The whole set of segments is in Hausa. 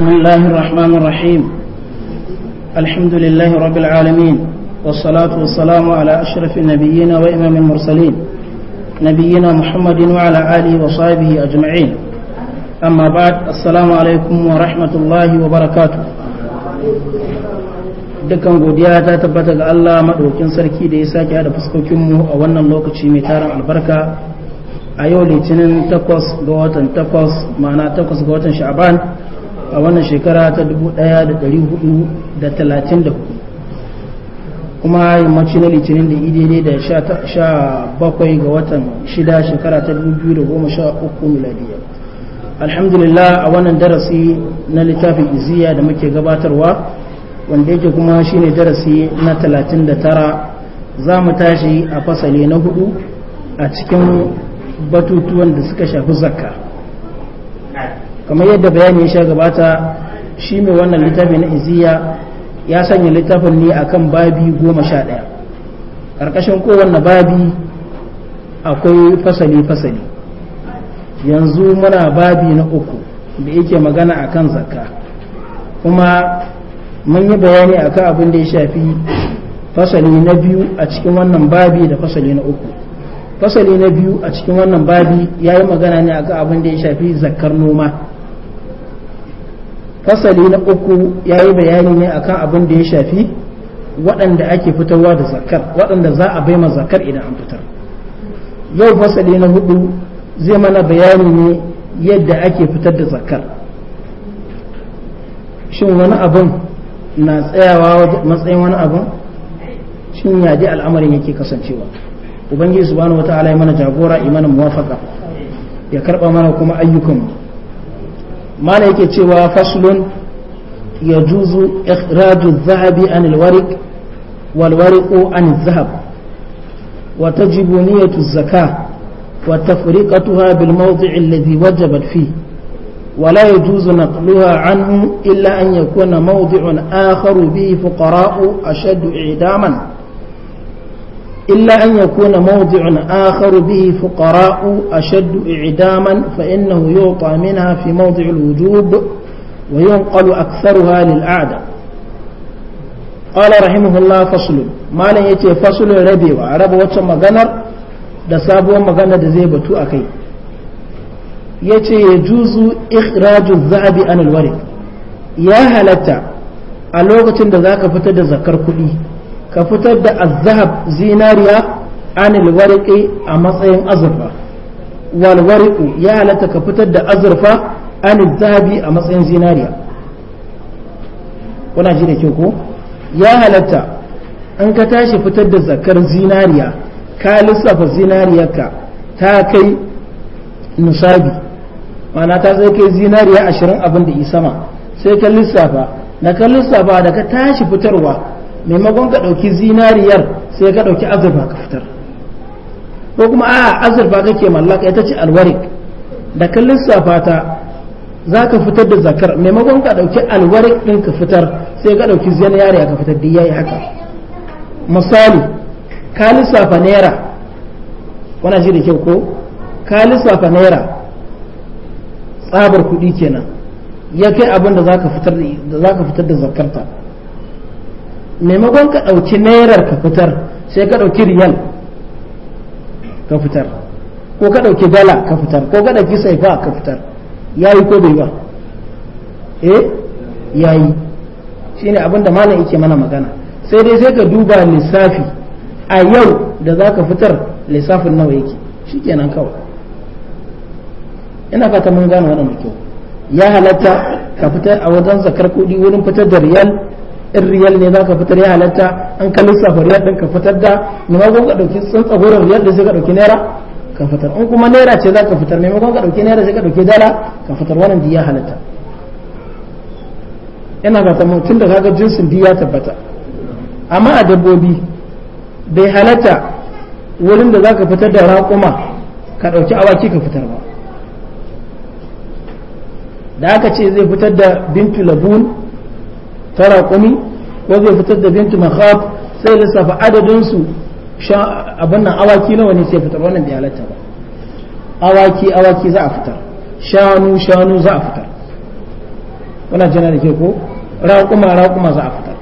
بسم الله الرحمن الرحيم الحمد لله رب العالمين والصلاة والسلام على أشرف النبيين وإمام المرسلين نبينا محمد وعلى آله وصحبه أجمعين أما بعد السلام عليكم ورحمة الله وبركاته dukkan godiya ta tabbata ga Allah maɗaukin sarki da ya sake haɗa fuskokinmu a wannan lokaci mai tarin albarka a yau litinin takwas ga watan takwas ma'ana takwas ga watan sha'aban a wannan shekara ta 1434 kuma mace na litinin da ne da 17 ga watan 6 shekara ta 2013 miladiya alhamdulillah a wannan darasi na littafin iziya da muke gabatarwa wanda yake kuma shine darasi na 39 za mu tashi a fasali na hudu a cikin batutuwan da suka shafi zakka kamar yadda bayani ya sha gabata shi mai wannan littafi na iziya ya sanya littafin ne akan babi goma sha ɗaya ƙarƙashin kowanne babi akwai fasali-fasali yanzu muna babi na uku da yake magana akan zakka kuma mun yi bayani a kan abin da ya shafi fasali na biyu a cikin wannan babi da fasali na uku fasali na biyu a cikin wannan babi ya yi magana ne a kan abin da ya shafi zakkar noma fasali na uku ya yi bayani ne akan abin da ya shafi waɗanda ake fitarwa da zakar waɗanda za a baima zakar idan an fitar yau fasali na hudu zai mana bayani ne yadda ake fitar da zakar shin wani abin na tsayawa matsayin wani abin shin yaji al'amarin yake kasancewa ubangiji subhanahu wataala ya mana jagora imanin muwafaka ya karɓa mana kuma ayyukanmu mana yake cewa faslun ya juzu ikhraju zahabi an والورق عن الذهب وتجب نية الزكاة وتفريقتها بالموضع الذي وجبت فيه ولا يجوز نقلها عنه إلا أن يكون موضع آخر به فقراء أشد إعداما إلا أن يكون موضع آخر به فقراء أشد إعداما فإنه يعطى منها في موضع الوجوب وينقل أكثرها للأعداء قال رحمه الله فصل ما لن يتي فصل ربي وعرب وطن مغنر da sabuwar magana da zai batu a kai ya ce ya juzu ikhrajun za'abi an alwari ya halatta a lokacin da za ka fitar da zakar kuɗi ka fitar da azahab zinariya an warqi a matsayin azurfa wal ya halatta ka fitar da azurfa an zahabi a matsayin zinariya kuna ji da ke ko ya halatta in ka tashi fitar da zakar zinariya ka lissafa zinariyarka ta kai nusabi mana ta sai kai zinariya ashirin abin da sama sai ka lissafa da ka lissafa da ka tashi fitarwa maimakon ka ɗauki zinariyar sai ka ɗauki azurfa ka fitar ko kuma a azurfa kake mallaka ita ce alwarik da ka lissafa ta za ka fitar da zakar maimakon ka ɗauki alwarik ɗin ka fitar sai ka ɗauki zinariya ka fitar da yayi haka misali ka lissafa naira wana ji da kyau ko ka lissafa naira tsabar kuɗi kenan ya kai abin da za ka fitar da zakarta maimakon ka ɗauki nairar ka fitar sai ka ɗauki riyal ka fitar ko ka ɗauki dala ka fitar ko ka ɗauki saifa ka fitar ya yi ko bai ba eh yi shine ne da malam yake mana magana sai dai sai ka duba lissafi a yau da za ka fitar lissafin nawa yake nan kawai ina fata mun gane wannan kyau ya halatta ka fitar a wajen zakar kuɗi wurin fitar da riyal in riyal ne za ka fitar ya halatta an ka lissafa riyal ɗin ka fitar da maimakon ka ɗauki tsagoro riyal da sai ka ɗauki naira ka fitar in kuma naira ce za ka fitar maimakon ka ɗauki naira sai ka ɗauki dala ka fitar wannan diya halatta yana kuma mutum da kaga jinsin diya tabbata amma a dabbobi bai halatta wurin da za ka fitar da raƙuma ka ɗauki awaki ka fitar ba da aka ce zai fitar da bintu labun ta raƙumi ko zai fitar da bintu makhaf sai lissafa adadin su abin nan awaki nawa ne sai fitar wannan bai halatta ba awaki awaki za a fitar shanu shanu za a fitar wannan jana da ke ko raƙuma raƙuma za a fitar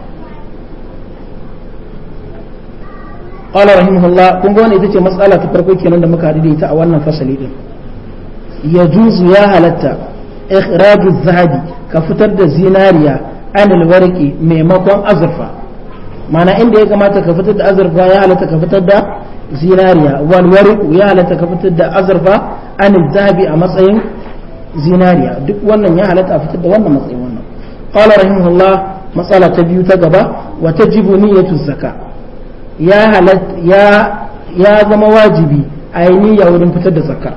qala rahimahullah kun ga wannan ita ce matsala ta farko kenan da muka hadu da ita a wannan fasali din yajuzu ya halatta ikhraju zahabi ka fitar da zinariya anil warqi maimakon azurfa mana inda ya kamata ka fitar da azurfa ya halatta ka fitar da zinariya wal ya halatta ka fitar da azurfa anil zahabi a matsayin zinariya duk wannan ya halatta a fitar da wannan matsayin wannan qala rahimahullah matsala ta biyu ta gaba wa tajibu niyyatu zakka ya halatta ya ya zama wajibi a yi niyya wurin fitar da zakka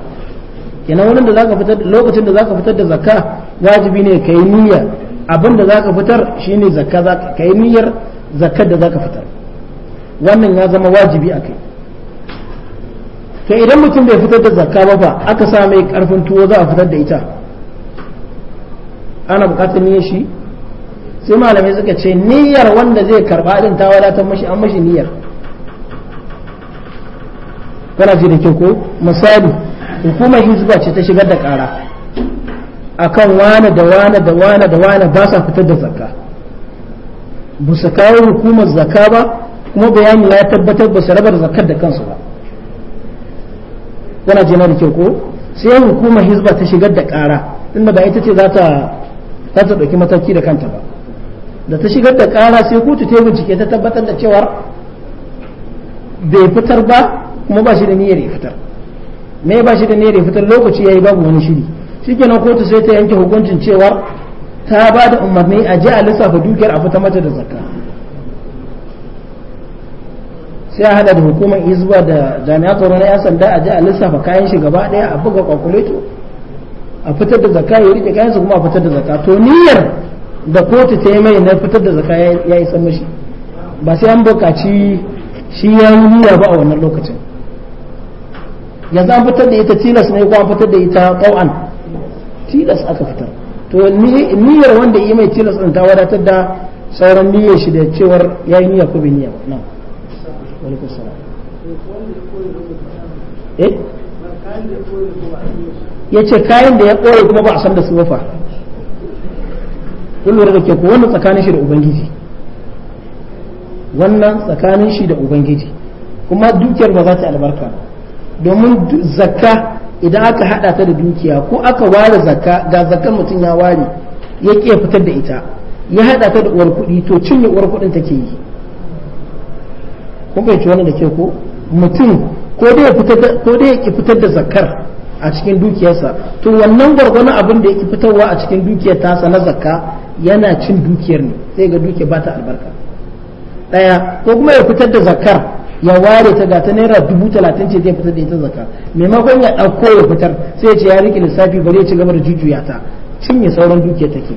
kenan wurin da zaka fitar lokacin da zaka fitar da zakka wajibi ne ka yi niyya abin da za ka fitar shine zakka zaka kai niyyar zakkar da za ka fitar wannan ya zama wajibi a kai to idan mutum bai fitar da zakka ba ba aka sa mai karfin tuwo za a fitar da ita ana bukatar niyyar shi sai malamai suka ce niyyar wanda zai karba din ta wadatar mashi an mashi niyyar kana ji da kyau ko misali hukumar hizba ce ta shigar da kara akan wane da wane da wane da wane ba sa fitar da zakka ba su kawo hukumar zakka ba kuma bayani ya tabbatar ba su raba zakkar da kansu ba yana jina da kyau ko sai hukumar hizba ta shigar da kara inda ba ita ce za ta za ɗauki mataki da kanta ba da ta shigar da kara sai kotu ta bincike ta tabbatar da cewar bai fitar ba kuma ba shi da niyyar ya fitar me ba shi da niyyar ya fitar lokaci yayi babu wani shiri shikenan kotu sai ta yanke hukuncin cewa ta ba da umarni a ji a lissafa dukiyar a fita mata da zakka sai a hada da hukumar izuwa da jami'a tsaro na 'yan sanda a ji a lissafa kayan shi gaba daya a buga kwakuleto a fitar da zakka ya rike kayan su kuma a fitar da zakka to niyyar da kotu ta yi mai na fitar da zakka ya isa mashi ba sai an bukaci shi ya yi niyya ba a wannan lokacin yanzu an fitar da ita tilas ne ko an fitar da ita ƙau'an tilas aka fitar to niyyar wanda yi mai tilas ɗin ta wadatar da sauran niyyar shi da cewar ya yi niyya ko bai niyya na wani salam eh? ya yace kayan da ya ɓoye kuma ba a san da su wafa kullum da ke ko wannan tsakanin shi da ubangiji wannan tsakanin shi da ubangiji kuma dukiyar ba za ta albarka domin zakka idan aka haɗa ta da dukiya ko aka ware zakka ga zakkan mutum ya ware ya ke fitar da ita ya haɗa ta da uwar kuɗi to cinye uwar kuɗin take yi kun fahimci wannan da ke ko mutum ko dai ya fitar fitar da zakkar a cikin dukiyarsa to wannan gwargwanon abin da ya yake fitarwa a cikin dukiyar tasa na zakka yana cin dukiyar ne sai ga dukiyar ba ta albarka daya ko kuma ya fitar da zakkar ya ware ta ga ta naira dubu talatin ce zai fitar da ita zakka maimakon ya ɗauko ya fitar sai ya ce ya rike lissafi bari ya ci gaba da jujjuya ta cinye sauran dukiya take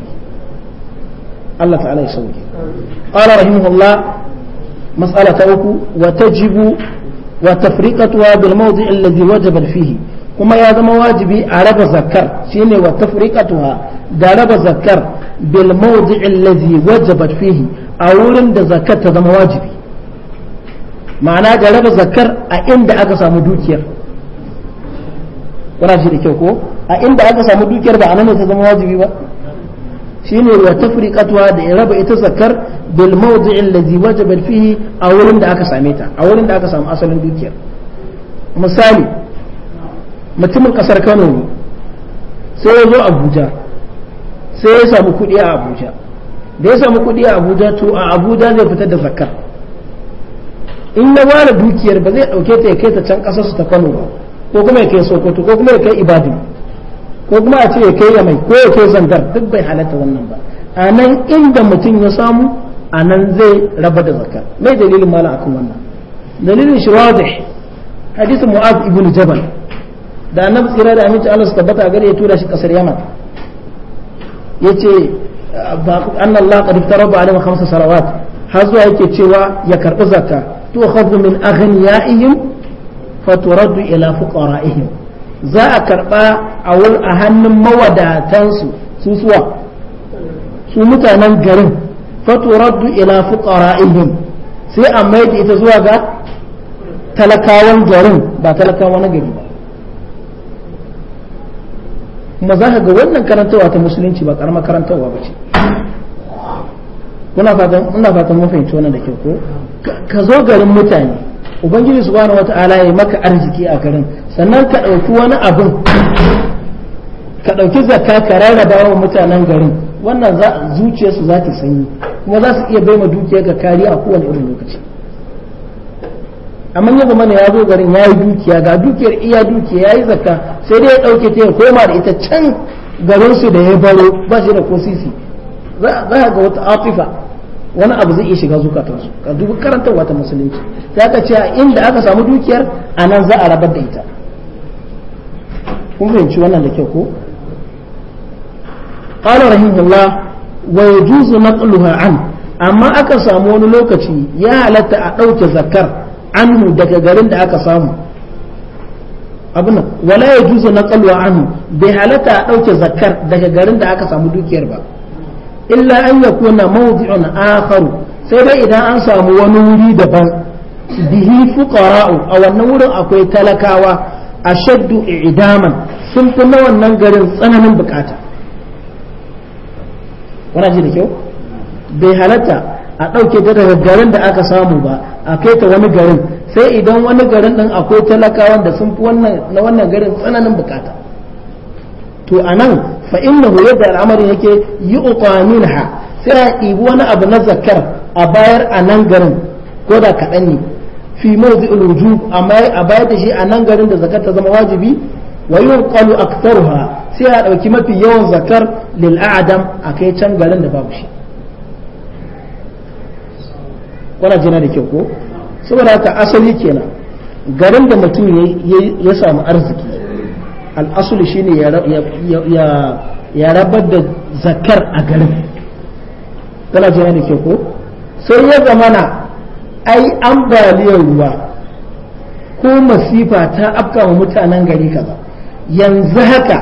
Allah ta'ala ya sauke qala rahimahullah mas'ala ta uku wa tajibu wa tafriqatuha bil mawdi' alladhi wajaba fihi kuma ya zama wajibi a raba zakar shine wa tafriqatuha da raba zakar bil mawdi' alladhi wajabat fihi a wurin da zakar ta zama wajibi ma'ana ga raba zakar a inda aka samu dukiyar kuna shi da kyau ko a inda aka samu dukiyar ba a nan ta zama wajibi ba shine wa tafriqatuha da raba ita zakar bil mawdi'i allazi wajaba fihi a wurin da aka same ta a wurin da aka samu asalin dukiyar misali mutumin kasar Kano ne sai ya zo Abuja sai ya samu kuɗi a Abuja da ya samu kuɗi a Abuja to a Abuja zai fitar da zakar in na ware dukiyar ba zai dauke ta ya kai ta can kasar su ta Kano ba ko kuma ya kai Sokoto ko kuma ya kai Ibadan ko kuma a ce ya kai Yamai ko ya kai Zangar duk bai halatta wannan ba a nan inda mutum ya samu a nan zai raba da zakka mai dalilin mala akan wannan dalilin shi wadih hadisin mu'ad ibn Jabal da annabi tsira da aminci Allah su tabbata gare ya tura shi kasar Yaman yace anna Allah qad iftarada alaihi khamsa salawat har zuwa yake cewa ya karbi zakka تؤخذ من أغنيائهم فترد إلى فقرائهم za a karɓa a hannun mawadatansu su suwa su mutanen garin faturaddu ila fuqara'ihim sai a mai da ita zuwa ga talakawan garin ba talakawa na gari ba kuma za ka ga wannan karantarwa ta musulunci ba karamar karantarwa ba ce kuna fatan ina fatan mun wannan da kyau ko ka zo garin mutane ubangiji subhanahu wataala ya maka arziki a garin sannan ka ɗauki wani abin ka ɗauki zakka ka rarraba wa mutanen garin wannan su za ta sanyi kuma za su iya bai ma dukiya ga kariya a kowane irin lokaci amma ya mana ya zo garin ya yi dukiya ga dukiyar iya dukiya ya yi zakka sai dai ya ɗauke ta ya koma da ita can garinsu da ya baro ba shi da ko sisi za a ga wata afifa wani abu zai iya shiga zukatansu ka dubi karantarwa ta musulunci za ka ce inda aka samu dukiyar a nan za a rabar da ita kun fahimci wannan da kyau ko qala rahimullah wa yajuzu naqluha an amma aka samu wani lokaci ya halatta a ɗauke zakar anhu daga garin da aka samu abuna wala yajuzu naqluha anhu bai halatta a ɗauke zakar daga garin da aka samu dukiyar ba illa an yakuna mawdi'un akhar sai dai idan an samu wani wuri daban bihi fuqara'u a wannan wurin akwai talakawa ashaddu i'daman sun fi na wannan garin tsananin bukata wannan ji da kyau bai halatta a ɗauke ta daga garin da aka samu ba a kai ta wani garin sai idan wani garin ɗin akwai talakawan da sun fi na wannan garin tsananin bukata to a nan fa innahu yadda al'amari yake yi minha sai a ɗibi wani abu na zakar a bayar a nan garin ko da kaɗan ne fi mawzi ulujub amma a bayar da shi a nan garin da zakar ta zama wajibi wa yunqalu aktharuha sai a ɗauki mafi yawan zakar lil a'dam a kai can garin da babu shi kuna jina da kyau ko saboda haka asali kenan garin da mutum ya samu arziki al'asulu shine ya rabar da zakar a garin tana jira da ke ko sai ya zamana ai ambaliyar ruwa ko masifa ta afka wa mutanen gari kaza yanzu haka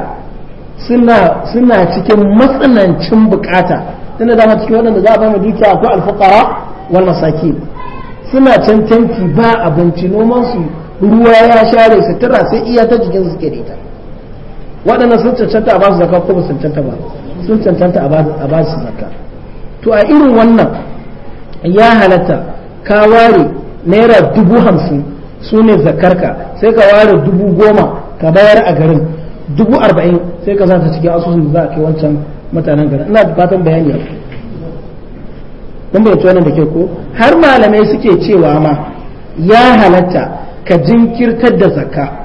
suna cikin matsanancin bukata tana dama cikin waɗanda za a ba dukiya ko alfukara wal masaki suna cancanci ba abinci noman su ruwa ya share sutura sai iya ta jikin suke da ita waɗannan sun cancanta a basu zaka ko ba sun cancanta ba sun cancanta a basu zaka to a irin wannan ya halatta ka ware naira dubu hamsin su ne zakarka sai ka ware dubu goma ka bayar a garin dubu arba'in sai ka zata cikin asusun da za a kai wancan mutanen garin ina fatan bayani ya kun bai wannan da ke ko har malamai suke cewa ma ya halatta ka jinkirtar da zakka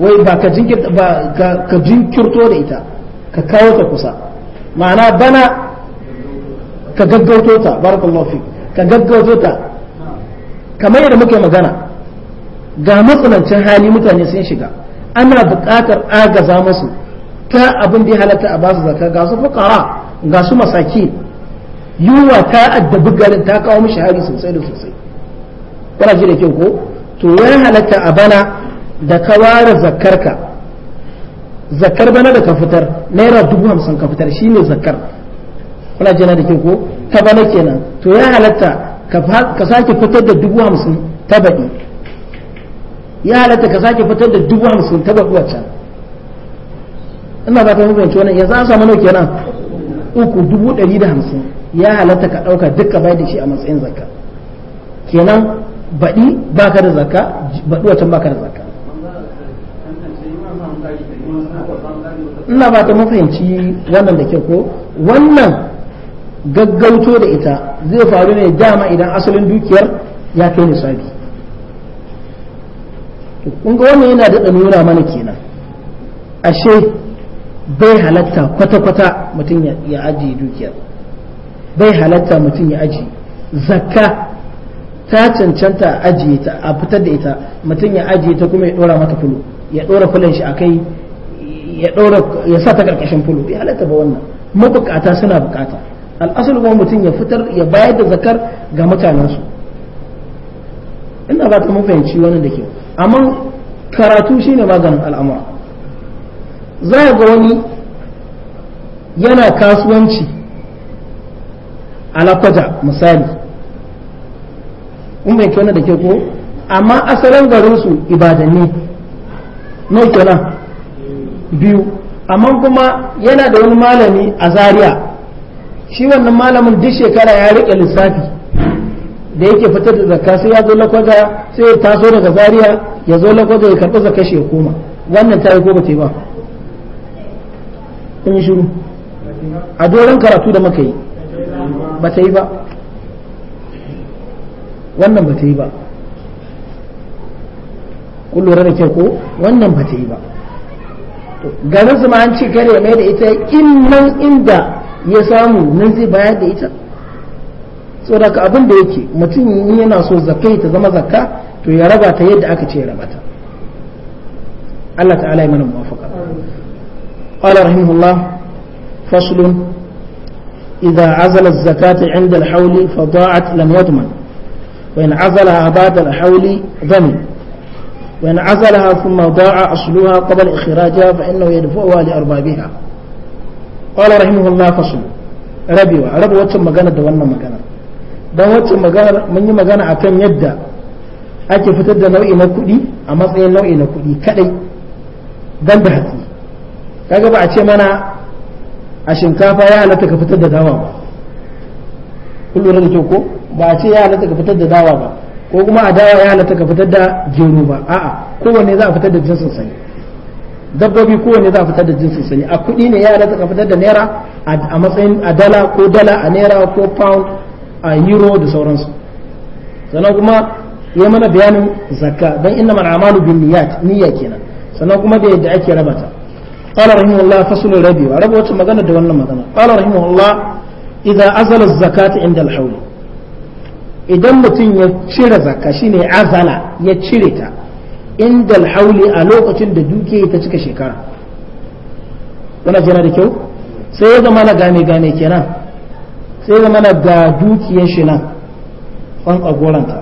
wai ba ka jinkirto da ita ka kawo ta kusa ma'ana bana ka gaggauto ta barakallahu fik ka gaggauto ta kamar yadda muke magana ga matsanancin hali mutane sun shiga ana buƙatar agaza musu ta abin da ya halatta a basu zaka ga su fukara ga su masaki yunwa ta addabi garin ta kawo mishi hari sosai da sosai kuna ji da kyau ko to ya halatta a bana da ka ware zakarka zakar bana da ka fitar naira dubu hamsin ka fitar shi ne zakar kuna jana da ke ko ta bana kenan to ya halatta ka sake fitar da dubu hamsin ta baɗi ya halatta ka sake fitar da dubu hamsin ta baɗi waccan ina ba ta mabanci wannan yanzu an samu nauke nan uku dubu ɗari da hamsin ya halatta ka ɗauka duka bai da shi a matsayin zakka kenan baɗi ba ka da zakka baɗi waccan ba ka da zakka ina ba ta mafahimci wannan da ke ko wannan gaggauto da ita zai faru ne dama idan asalin dukiyar ya kai nisabi kun ga wannan yana daɗa nuna mana kenan ashe bai halatta kwata-kwata mutum ya ajiye dukiyar bai halatta mutum ya ajiye zakka ta cancanta a ajiye ta a fitar da ita mutum ya ajiye ta kuma ya ɗora mata kulu ya ɗora fulon shi a kai ya ɗaura ya sa ta ƙarƙashin Fulu ya halatta ba wannan mabukata suna bukata al'asul kuma mutum ya fitar ya bayar da zakar ga mutanensu ina ba ta fahimci wani da ke amma karatu shine maganin al'amura za ga wani yana kasuwanci alakwaja misali in bai kyau da ke ko amma asalin garinsu ibadanni nau kenan biyu amma kuma yana da wani malami a zaria shi wannan malamin duk shekara ya riƙe lissafi da yake fitar da zakka sai ya zo lakwaja sai ya taso daga zaria ya zo lakwaja ya karɓi zakka shi ya koma wannan ta yi ko ba ta yi ba in shiru a doron karatu da muka yi ba ta yi ba wannan ba ta yi ba kun lura da kyau ko wannan ba ta yi ba garin su ma an ce kare mai da ita in nan inda ya samu nan zai bayar da ita saboda abin da yake mutum yana so zakai ta zama zakka to ya raba ta yadda aka ce ya raba ta Allah ta'ala ya mana muwafaqa qala rahimahullah faslun idza azala az-zakata 'inda al-hawli fa da'at lam yadman wa in ba'da al-hawli dhamin وإن عزلها ثم ضاع أصلها قبل إخراجها فإنه يدفعها لأربابها قال رحمه الله فصل ربيوا ربوا wacce magana da wannan magana don wacce magana mun yi magana akan yadda ake fitar da nau'i na kuɗi a matsayin nau'i na kuɗi kadai dan da hatsi kaga ba a ce mana a shinkafa ya halatta ka fitar da dawa ba kullum da ko ba a ce ya halatta ka fitar da dawa ba ko kuma a dawa ya halatta ka fitar da gero ba a'a kowanne za a fitar da jinsin sani dabbobi kowanne za a fitar da jinsin sani a kuɗi ne ya halatta ka fitar da naira a matsayin a dala ko dala a naira ko pound a euro da sauransu sannan kuma ya mana bayanin zakka don inna man amalu bin niyyat niyya kenan sannan kuma da yadda ake raba ta qala rahimahullah faslul rabi wa raba wata magana da wannan magana qala rahimahullah idza azala az-zakata inda al-hawl idan mutum ya cire zakka shine azala ya cire ta inda alhauli a lokacin da duke ta cika shekara wannan jira da kyau sai ya zama na game game kenan sai ya zama na ga dukiyar shi nan fan agoranta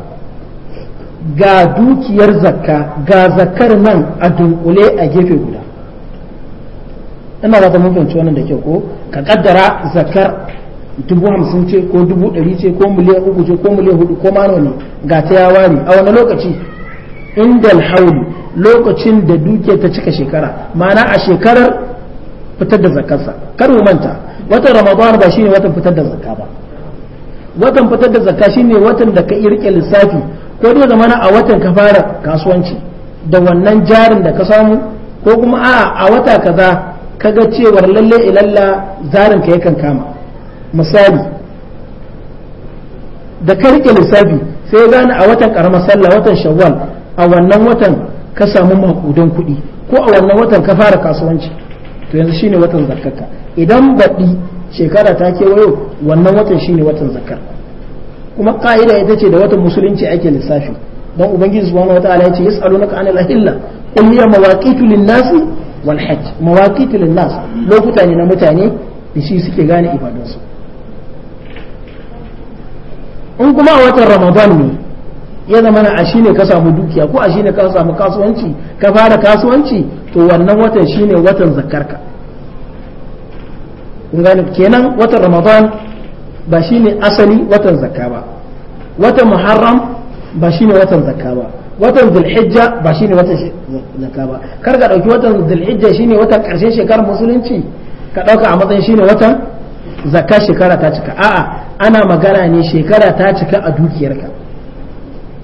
ga dukiyar zakka ga zakkar nan a dunkule a gefe guda ina za ta mun fahimci wannan da kyau ko ka kaddara zakkar dubu hamsin ce ko dubu ɗari ce ko miliyan uku ce ko miliyan hudu ko mano ne ga ta ya ware a wani lokaci inda alhaul lokacin da duke ta cika shekara ma'ana a shekarar fitar da zakarsa kar mu manta watan ramadan ba shine watan fitar da zakka ba watan fitar da zakka shine watan da ka irke lissafi ko da zamana a watan ka fara kasuwanci da wannan jarin da ka samu ko kuma a a wata kaza kaga cewar lalle ilalla zarin ka yakan kama misali da ka lissafi sai ya gane a watan karamar sallah watan shawwal a wannan watan ka samu makudan kuɗi ko a wannan watan ka fara kasuwanci to yanzu shine watan zakarka idan baɗi shekara ta kewayo wannan watan shine watan zakar kuma ka'ida ita ce da watan musulunci ake lissafi don ubangiji subhanahu wataala ya ce yas'alunaka anil ahilla qul hiya mawaqitu lin-nasi wal hajj mawaqitu lin-nas lokuta ne na mutane da shi suke gane ibadansu. in kuma a watan ramadan ne ya zama na ashi ne ka samu dukiya ko a shi ne ka samu kasuwanci ka fara kasuwanci to wannan watan shi ne watan zakarka kenan watan ramadan ba ne asali watan zakka ba watan muharram ba shi ne watan zakka ba watan zulhijja ba shi ne watan zakka ba kar ka ɗauki watan zulhijja ne watan ƙarshen shekarar musulunci ka ɗauka a matsayin shi ne watan Zaka shekara ta cika a'a ana magana ne shekara ta cika a dukiyarka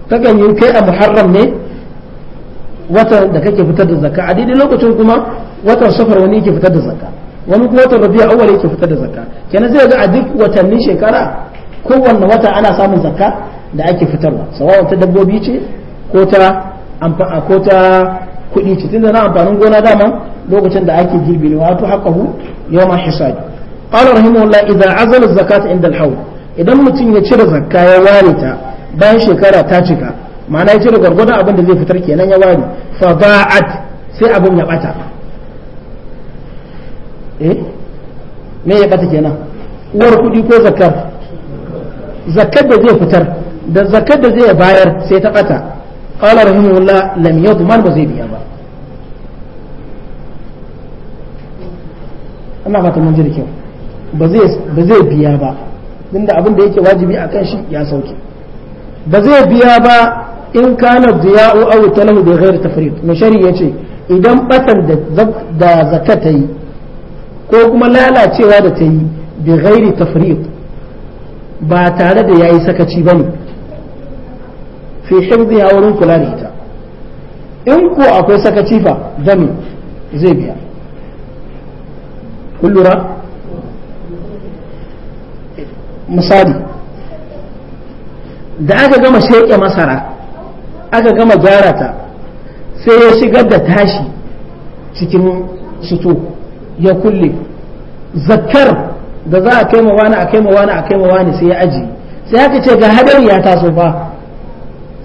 ta yi kai a muharram ne watan da kake fitar da zaka a daidai lokacin kuma watan safar wani yake fitar da zaka wani kuma watan rabi'a awwal yake fitar da zaka kenan zai ga a duk watannin shekara kowanne wata ana samun zaka da ake fitarwa sawa ta dabbobi ce ko ta ko ta kuɗi ce tunda na amfanin gona dama lokacin da ake girbi ne wato hakahu yawan hisabi qala rahimahullah idan azala zakata inda al idan mutum ya cire zakka ya ware ta bayan shekara ta cika ma'ana ya cire gwargwadon abin da zai fitar kenan ya ware fa ba'at sai abin ya bata eh me ya bata kenan uwar kudi ko zakar zakar da zai fitar da zakar da zai bayar sai ta bata qala rahimahullah lam yadman ba zai biya ba ana fata mun ji da kyau ba zai biya ba inda abin da yake wajibi a kan shi ya sauke ba zai biya ba in kana biya a aw talahu gairu ghairi tafriq mai ya ce idan batan da zaka ta yi ko kuma lalacewa da ta yi bi ghairi tafriq ba tare da ya yi sakaci ba ne fi hifdhi ya wurin kula da ita in ko akwai sakaci fa zami zai biya kullura misali da aka gama sheƙe masara aka gama gyara ta sai ya shigar da tashi cikin suto ya kulle zakkar da za a kai ma wani a kai ma wani a kai ma wani sai ya aji sai aka ce ga hadari ya taso fa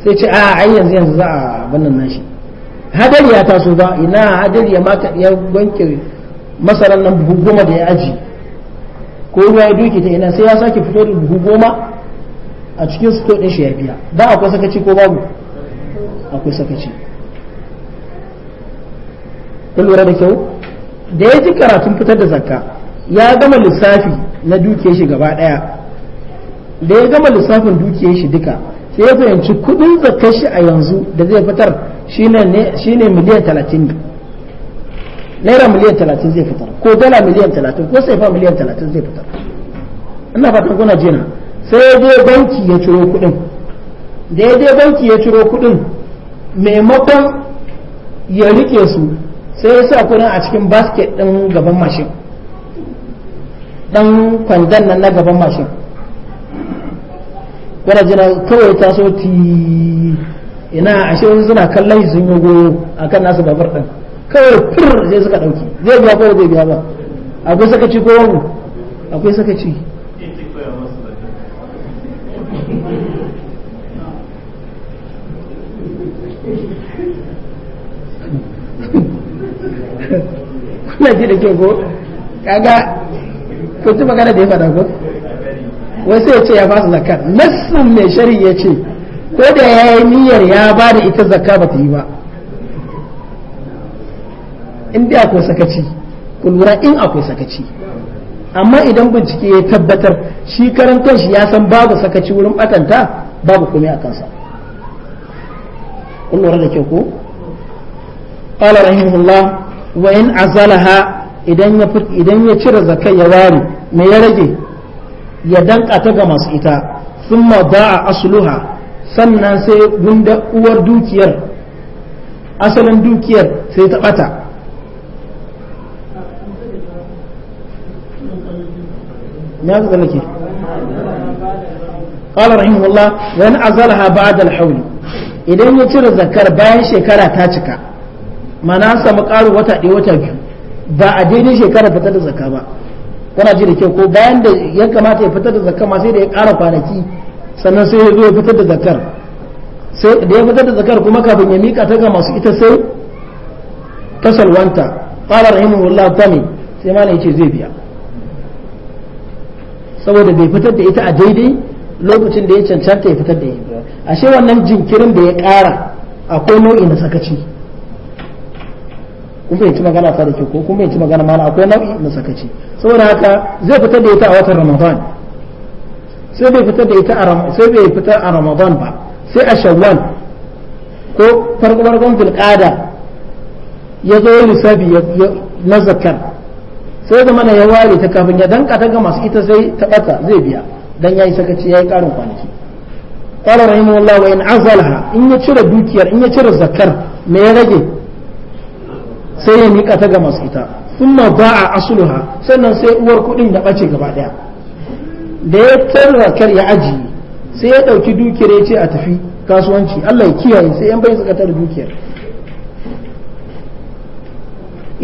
sai ce a ai yanzu yanzu za a bannan nashi hadari ya taso ba ina hadari ya maka ya wanke masaran nan buhu goma da ya aji ko ruwa ya duke ta ina sai ya sake fito da buhu goma a cikin su ɗin shi ya biya da akwai sakaci ko babu akwai sakaci kun lura da kyau da ya ji karatun fitar da zakka ya gama lissafi na dukiyar shi gaba ɗaya da ya gama lissafin dukiyar shi duka sai ya fahimci kudin zakkar shi a yanzu da zai fitar shine miliyan talatin naira miliyan talatin zai fitar ko dala miliyan talatin ko fa miliyan talatin zai fitar ina fatan kuna jina sai ya je banki ya ciro kuɗin da ya je banki ya ciro kuɗin maimakon ya rike su sai ya sa kuɗin a cikin basket ɗin gaban mashin ɗan kwandon nan na gaban mashin kuna jina kawai ta so ti ina ashe suna kallon sun yi goyo nasu babar ɗin kawai fir sai suka ɗauki zai biya ko zai biya ba akwai sakaci ko wani akwai sakaci kuna ji da kyau ko kaga kun magana da ya faɗa ko wai sai ya ce ya su zakar nassin mai shari'a ya ce ko da ya yi niyyar ya ba da ita zakka ba ta yi ba in dai akwai sakaci ku lura in akwai sakaci amma idan bincike ya tabbatar shi karantar shi ya san babu sakaci wurin batanta babu kome a kansa kun lura da ke ko قال رحمه الله وإن عزلها idan ya idan ya cire zakai ya ware me ya rage ya danka ta ga masu ita thumma ba'a asluha sannan sai gunda uwar dukiyar asalin dukiyar sai ta ɓata. me aka tsallake qala rahimahullah wa in azalha ba'da idan ya cire zakar bayan shekara ta cika mana samu karu wata ɗaya wata biyu ba a daidai shekara fitar da zakka ba kana ji da kyau ko bayan da ya kamata ya fitar da zakka ma sai da ya ƙara kwanaki sannan sai ya zo ya fitar da zakkar sai da ya fitar da zakkar kuma kafin ya mika ta ga masu ita sai ta salwanta qala rahimahullah tani sai malam yace zai biya saboda bai fitar da ita a daidai lokacin da ya cancanta ya fitar da ita ashe wannan jinkirin da ya ƙara akwai nau'i na sakaci kun fahimci magana ta da ke ko kun fahimci magana mana akwai nau'i na sakaci saboda haka zai fitar da ita a watan ramadan sai bai fitar da ita a sai bai fitar a ramadan ba sai a shawwal ko farko farkon filqada ya zo lissafi na zakar sai da mana ya ware ta kafin ya danka ta ga masu ita sai ta bata zai biya dan yayi sakaci yayi karin kwanaki qala Allah wa in azalha in ya cire dukiyar in ya cire zakar me ya rage sai ya mika ta ga masu ita ba ba'a asluha sannan sai uwar kuɗin da bace gaba daya da ya tarra kar ya ajiye sai ya dauki dukiyar ya ce a tafi kasuwanci Allah ya kiyaye sai yan bai zakata da dukiyar eh,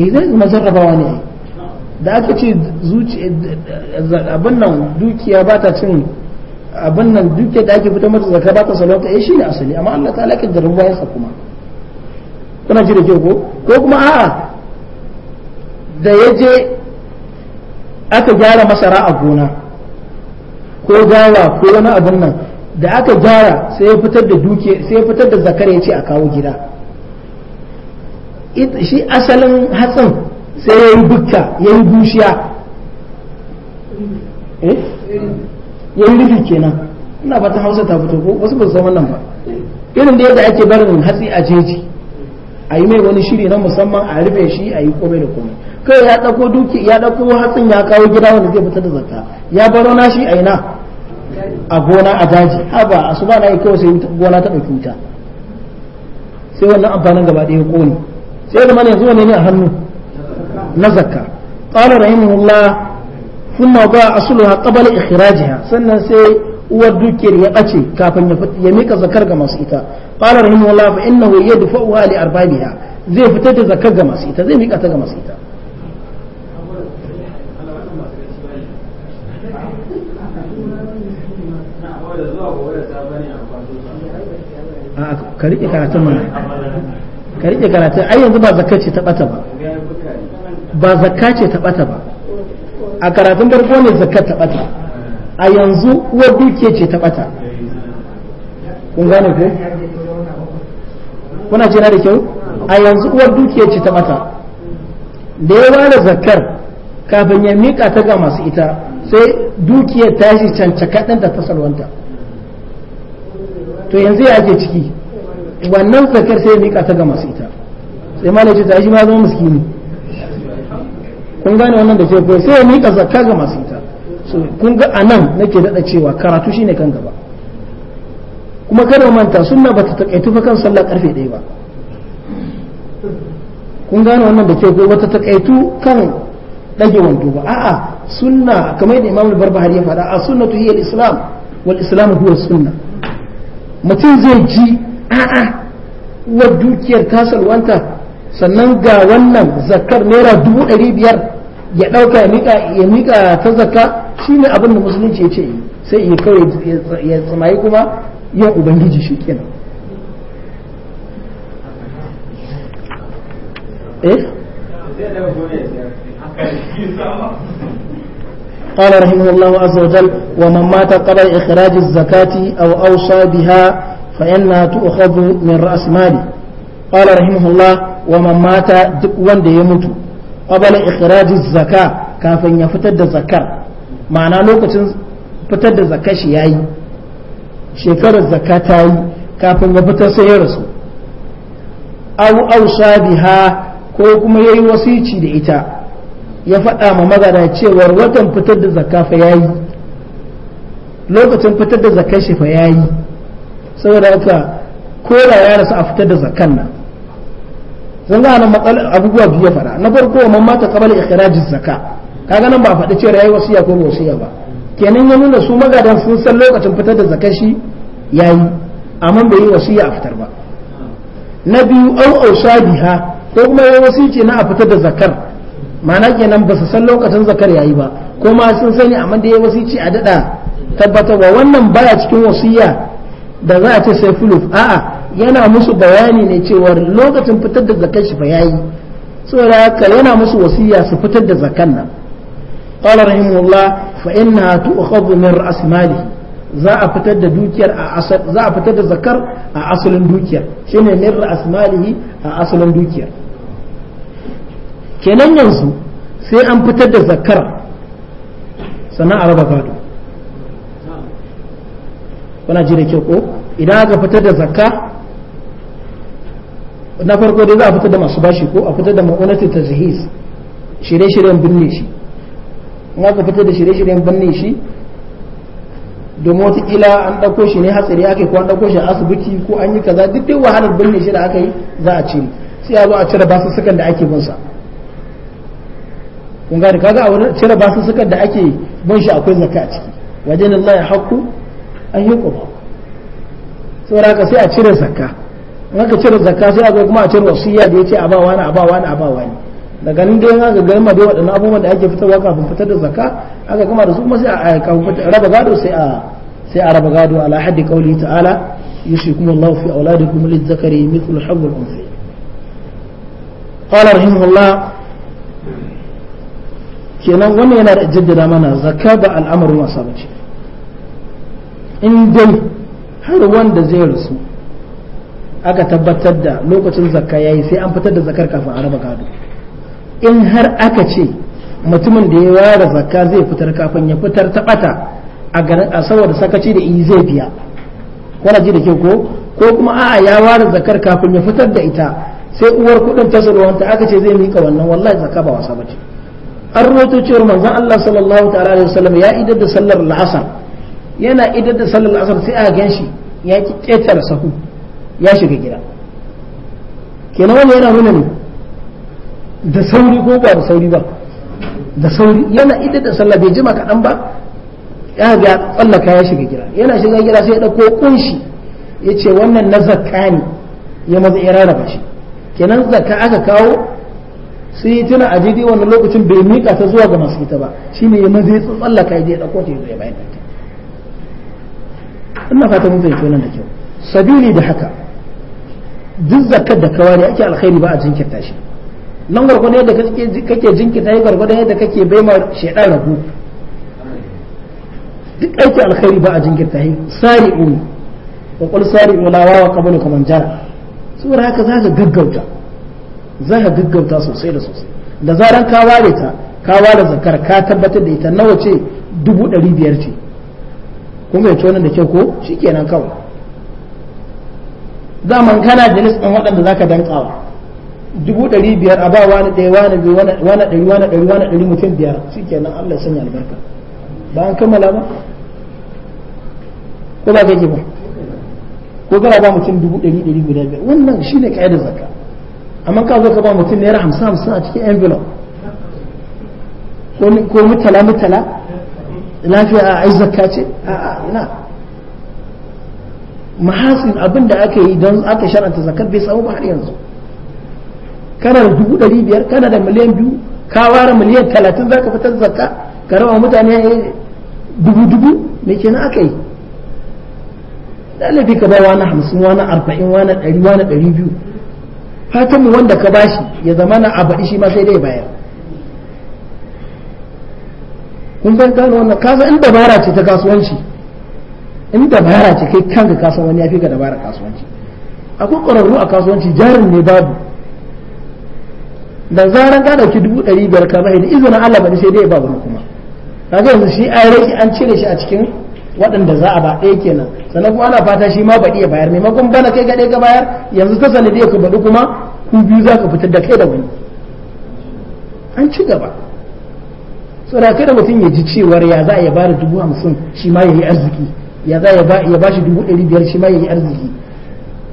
idan mazarrabawa ne da aka ce abin nan dukiya ba ta cin abin nan dukiya da ake fitar mata zakka ba ta salauta eh, shi ne asali amma Allah ta alaƙa da ruwa sa kuma kuna ji da kyau ko ko kuma a'a da ya je aka gyara masara a gona ko gawa ko wani abin nan da aka gyara sai ya fitar da duke sai ya fitar da zakar ya ce a kawo gida shi asalin hatsin sai ya yi bukka ya yi bushiya eh ya yi rufi kenan ina fata hausa ta fito ko wasu ba su zama nan ba irin da yadda ake barin hatsi a jeji a yi mai wani shiri na musamman a rufe shi a yi komai da komai kai ya ɗauko duki ya ɗauko hatsin ya kawo gida wanda zai fita da zakka ya baro na shi a ina a gona a daji haba a su ba na yi kawai sai gona ta ɗauki wuta sai wannan amfanin gaba ɗaya ya ƙone sai da mana yanzu wani ne a hannu na zakka qala rahimahullah thumma ba'a asluha qabla ikhrajiha sannan sai uwar dukiyar ya bace kafin ya ya mika zakar ga masu ita qala rahimahullah fa innahu yadfa'uha li arbabiha zai fitar da zakar ga masu zai mika ta ga masu yanzu ba zakar ce ta bata ba ba zakka ce ta bata ba a karatun farko ne zakka ta bata a yanzu uwar dukiya ce ta bata kun gane ko kuna jira da kyau a yanzu uwar dukiya ce ta bata da ya ware zakkar kafin ya mika ta ga masu ita sai dukiyar tashi cancaka ɗin da ta salwanta to yanzu ya ake ciki wannan zakar sai ya mika ta ga masu ita sai malaci ta shi ma zama miskini kun gane wannan da sai sai ya mika zakka ga masu ita kun ga anan nake dada cewa karatu shine kan gaba kuma kada manta sunna bata takaitu fa kan sallah karfe 1 ba kun gane wannan da ke ko bata takaitu kan dage wando ba a'a sunna kamar da Imam barba barbahari ya faɗa a sunnatu hiya al-islam wal islam huwa sunna mutum zai ji a'a wa dukiyar kasalwanta sannan ga wannan zakar naira dubu ɗari biyar ya ɗauka ya mika ta zakka shine abin da musulunci ya ce sai ya kawai ya tsamayi kuma yin ubangiji shi kenan eh قال رحمه الله عز وجل ومن مات قبل إخراج الزكاة أو أوصى بها فإنها تؤخذ من رأس ماله قال رحمه الله ومن مات دك وند qabala ikhrajiz zaka kafin ya fitar da zakar ma'ana lokacin fitar da zakar shi yayi shekarar zakka ta yi kafin ya fitar sai ya rasu aw awsa biha ko kuma yayi wasici da ita ya faɗa ma magana cewar watan fitar da zakka fa yayi lokacin fitar da zakar shi fa yayi saboda haka ko da ya rasu a fitar da zakkan nan sun ga nan abubuwa biyu ya fara na farko man mata qabal ikhrajis zaka kaga nan ba faɗi cewa yayi wasiya ko wasiya ba kenan ya nuna su magadan sun san lokacin fitar da shi yayi amma bai yi wasiya a fitar ba na biyu au au sabiha ko kuma yayi wasici na a fitar da zakar ma'ana kenan ba su san lokacin zakar yayi ba ko ma sun sani amma da yayi wasici a dada tabbatarwa wannan baya cikin wasiya da za a ce sai fuluf a'a yana musu bayani ne cewar lokacin fitar da zakar shi fa yayi saboda haka yana musu wasiya su fitar da zakan nan qala rahimullah fa inna tu'khadhu min ra's mali za a fitar da dukiyar a asal za a fitar da zakar a asalin dukiyar shine min ra's mali a asalin dukiyar kenan yanzu sai an fitar da zakar sannan a raba gado kuna ji da kyau ko idan aka fitar da zakka na farko dai za a fitar da masu bashi ko a fitar da ta tazhis shirye-shiryen binne shi in aka fitar da shirye-shiryen binne shi domin watakila an ɗauko shi ne hatsari ake ko an ɗauko shi a asibiti ko an yi kaza duk dai wahalar binne shi da aka yi za a cire sai a zo a cire basussukan da ake bin sa kun gani kaga a wurin cire basussukan da ake bin shi akwai zakka a ciki wajen Allah ya hakku an yi kuma saboda haka sai a cire zakka in aka cire zakka sai aka kuma a cire wasiya da yace a ba wani a ba wani a ba wani dai aka da waɗannan abubuwan da ake fitarwa kafin fitar da zakka aka gama da su kuma sai a raba gado sai a sai a raba gado ala haddi qauli ta'ala yusikum Allahu fi auladikum lidzakari mithlu hawl unsi qala rahimahullah kenan wannan yana da jaddada mana zakka ba al'amarin wasa bace in dai har wanda zai rasu aka tabbatar da lokacin zakka yayi sai an fitar da zakar kafin a raba gado in har aka ce mutumin da ya ware zakka zai fitar kafin ya fitar ta bata a garin a saboda sakaci da in zai biya kana ji da ke ko ko kuma a'a ya ware zakar kafin ya fitar da ita sai uwar kudin ta wanda aka ce zai mika wannan wallahi zakka ba wasa bace an roto cewar manzon Allah sallallahu ta'ala alaihi wasallam ya idar da sallar la'asar yana idar da sallar la'asar sai a ganshi ya ki ketar sahu ya shiga gida kenan wani yana nuna ne da sauri ko ba da sauri ba da sauri yana ita da sallah bai jima kaɗan ba ya ga tsallaka ya shiga gida yana shiga gida sai ya ɗauko kunshi ya ce wannan na zakka ne ya maza ya rarraba shi kenan zakka aka kawo sai ya tuna a jidi wannan lokacin bai miƙa ta zuwa ga masu ita ba shine ya maza ya tsallaka ya je ya ɗauko ta ya zo ya bayan ina fata mun fahimci wannan da kyau sabili da haka duk zakar da kawai ake alkhairi ba a jinkirta shi nan gwargwadon yadda kake jinkirta yi gwargwadon yadda kake bai ma shaidan rabu duk aiki alkhairi ba a jinkirta yi sari'u wa qul sari'u la wa qablu kaman jara saboda haka za ka gaggauta za ka gaggauta sosai da sosai da zaran ka ware ta ka ware zakar ka tabbatar da ita nawa ce dubu ɗari biyar ce kuma ya ci wannan da kyau ko shikenan kawai daman kana da list ɗin waɗanda za ka wa dubu ɗari biyar a ba wani ɗaya wani biyu wani ɗari wani ɗari wani ɗari mutum biyar shi nan Allah sanya albarka ba an kammala ba ko ba ke ba ko kana ba mutum dubu ɗari ɗari guda biyar wannan shi ne ƙa'idar zakka amma ka zo ka ba mutum naira hamsin hamsin a cikin envelope ko mutala mutala lafiya a ai ce a'a ina mahasin abin da aka yi don aka sharanta zakar bai samu ba har yanzu kana da dubu ɗari biyar kana da miliyan biyu ka ware miliyan talatin za ka fitar zakka ka raba mutane dubu dubu me kenan aka yi lalabi ka ba wani hamsin wani arba'in wani ɗari wani ɗari biyu fatan mu wanda ka bashi ya zama na abaɗi shi ma sai dai bayar kun san gano wannan kasa in dabara ce ta kasuwanci in dabara ce kai kanka kasan wani ya fi ga dabara kasuwanci akwai ƙwararru a kasuwanci jarin ne babu da zaran ka dauki dubu ɗari biyar ka bai da izinin Allah ba sai dai ba wani kuma ga yanzu shi ai rai an cire shi a cikin waɗanda za a ba ɗaya kenan sannan kuma ana fata shi ma ba iya bayar maimakon bana kai gaɗe ka bayar yanzu ta dai ka baɗi kuma ku biyu za ka fitar da kai da wani an ci gaba saboda kada mutum ya ji cewar ya za a ya bada dubu hamsin shi ma ya yi arziki ya za ya ba shi dubu ɗari biyar shi ma ya yi arziki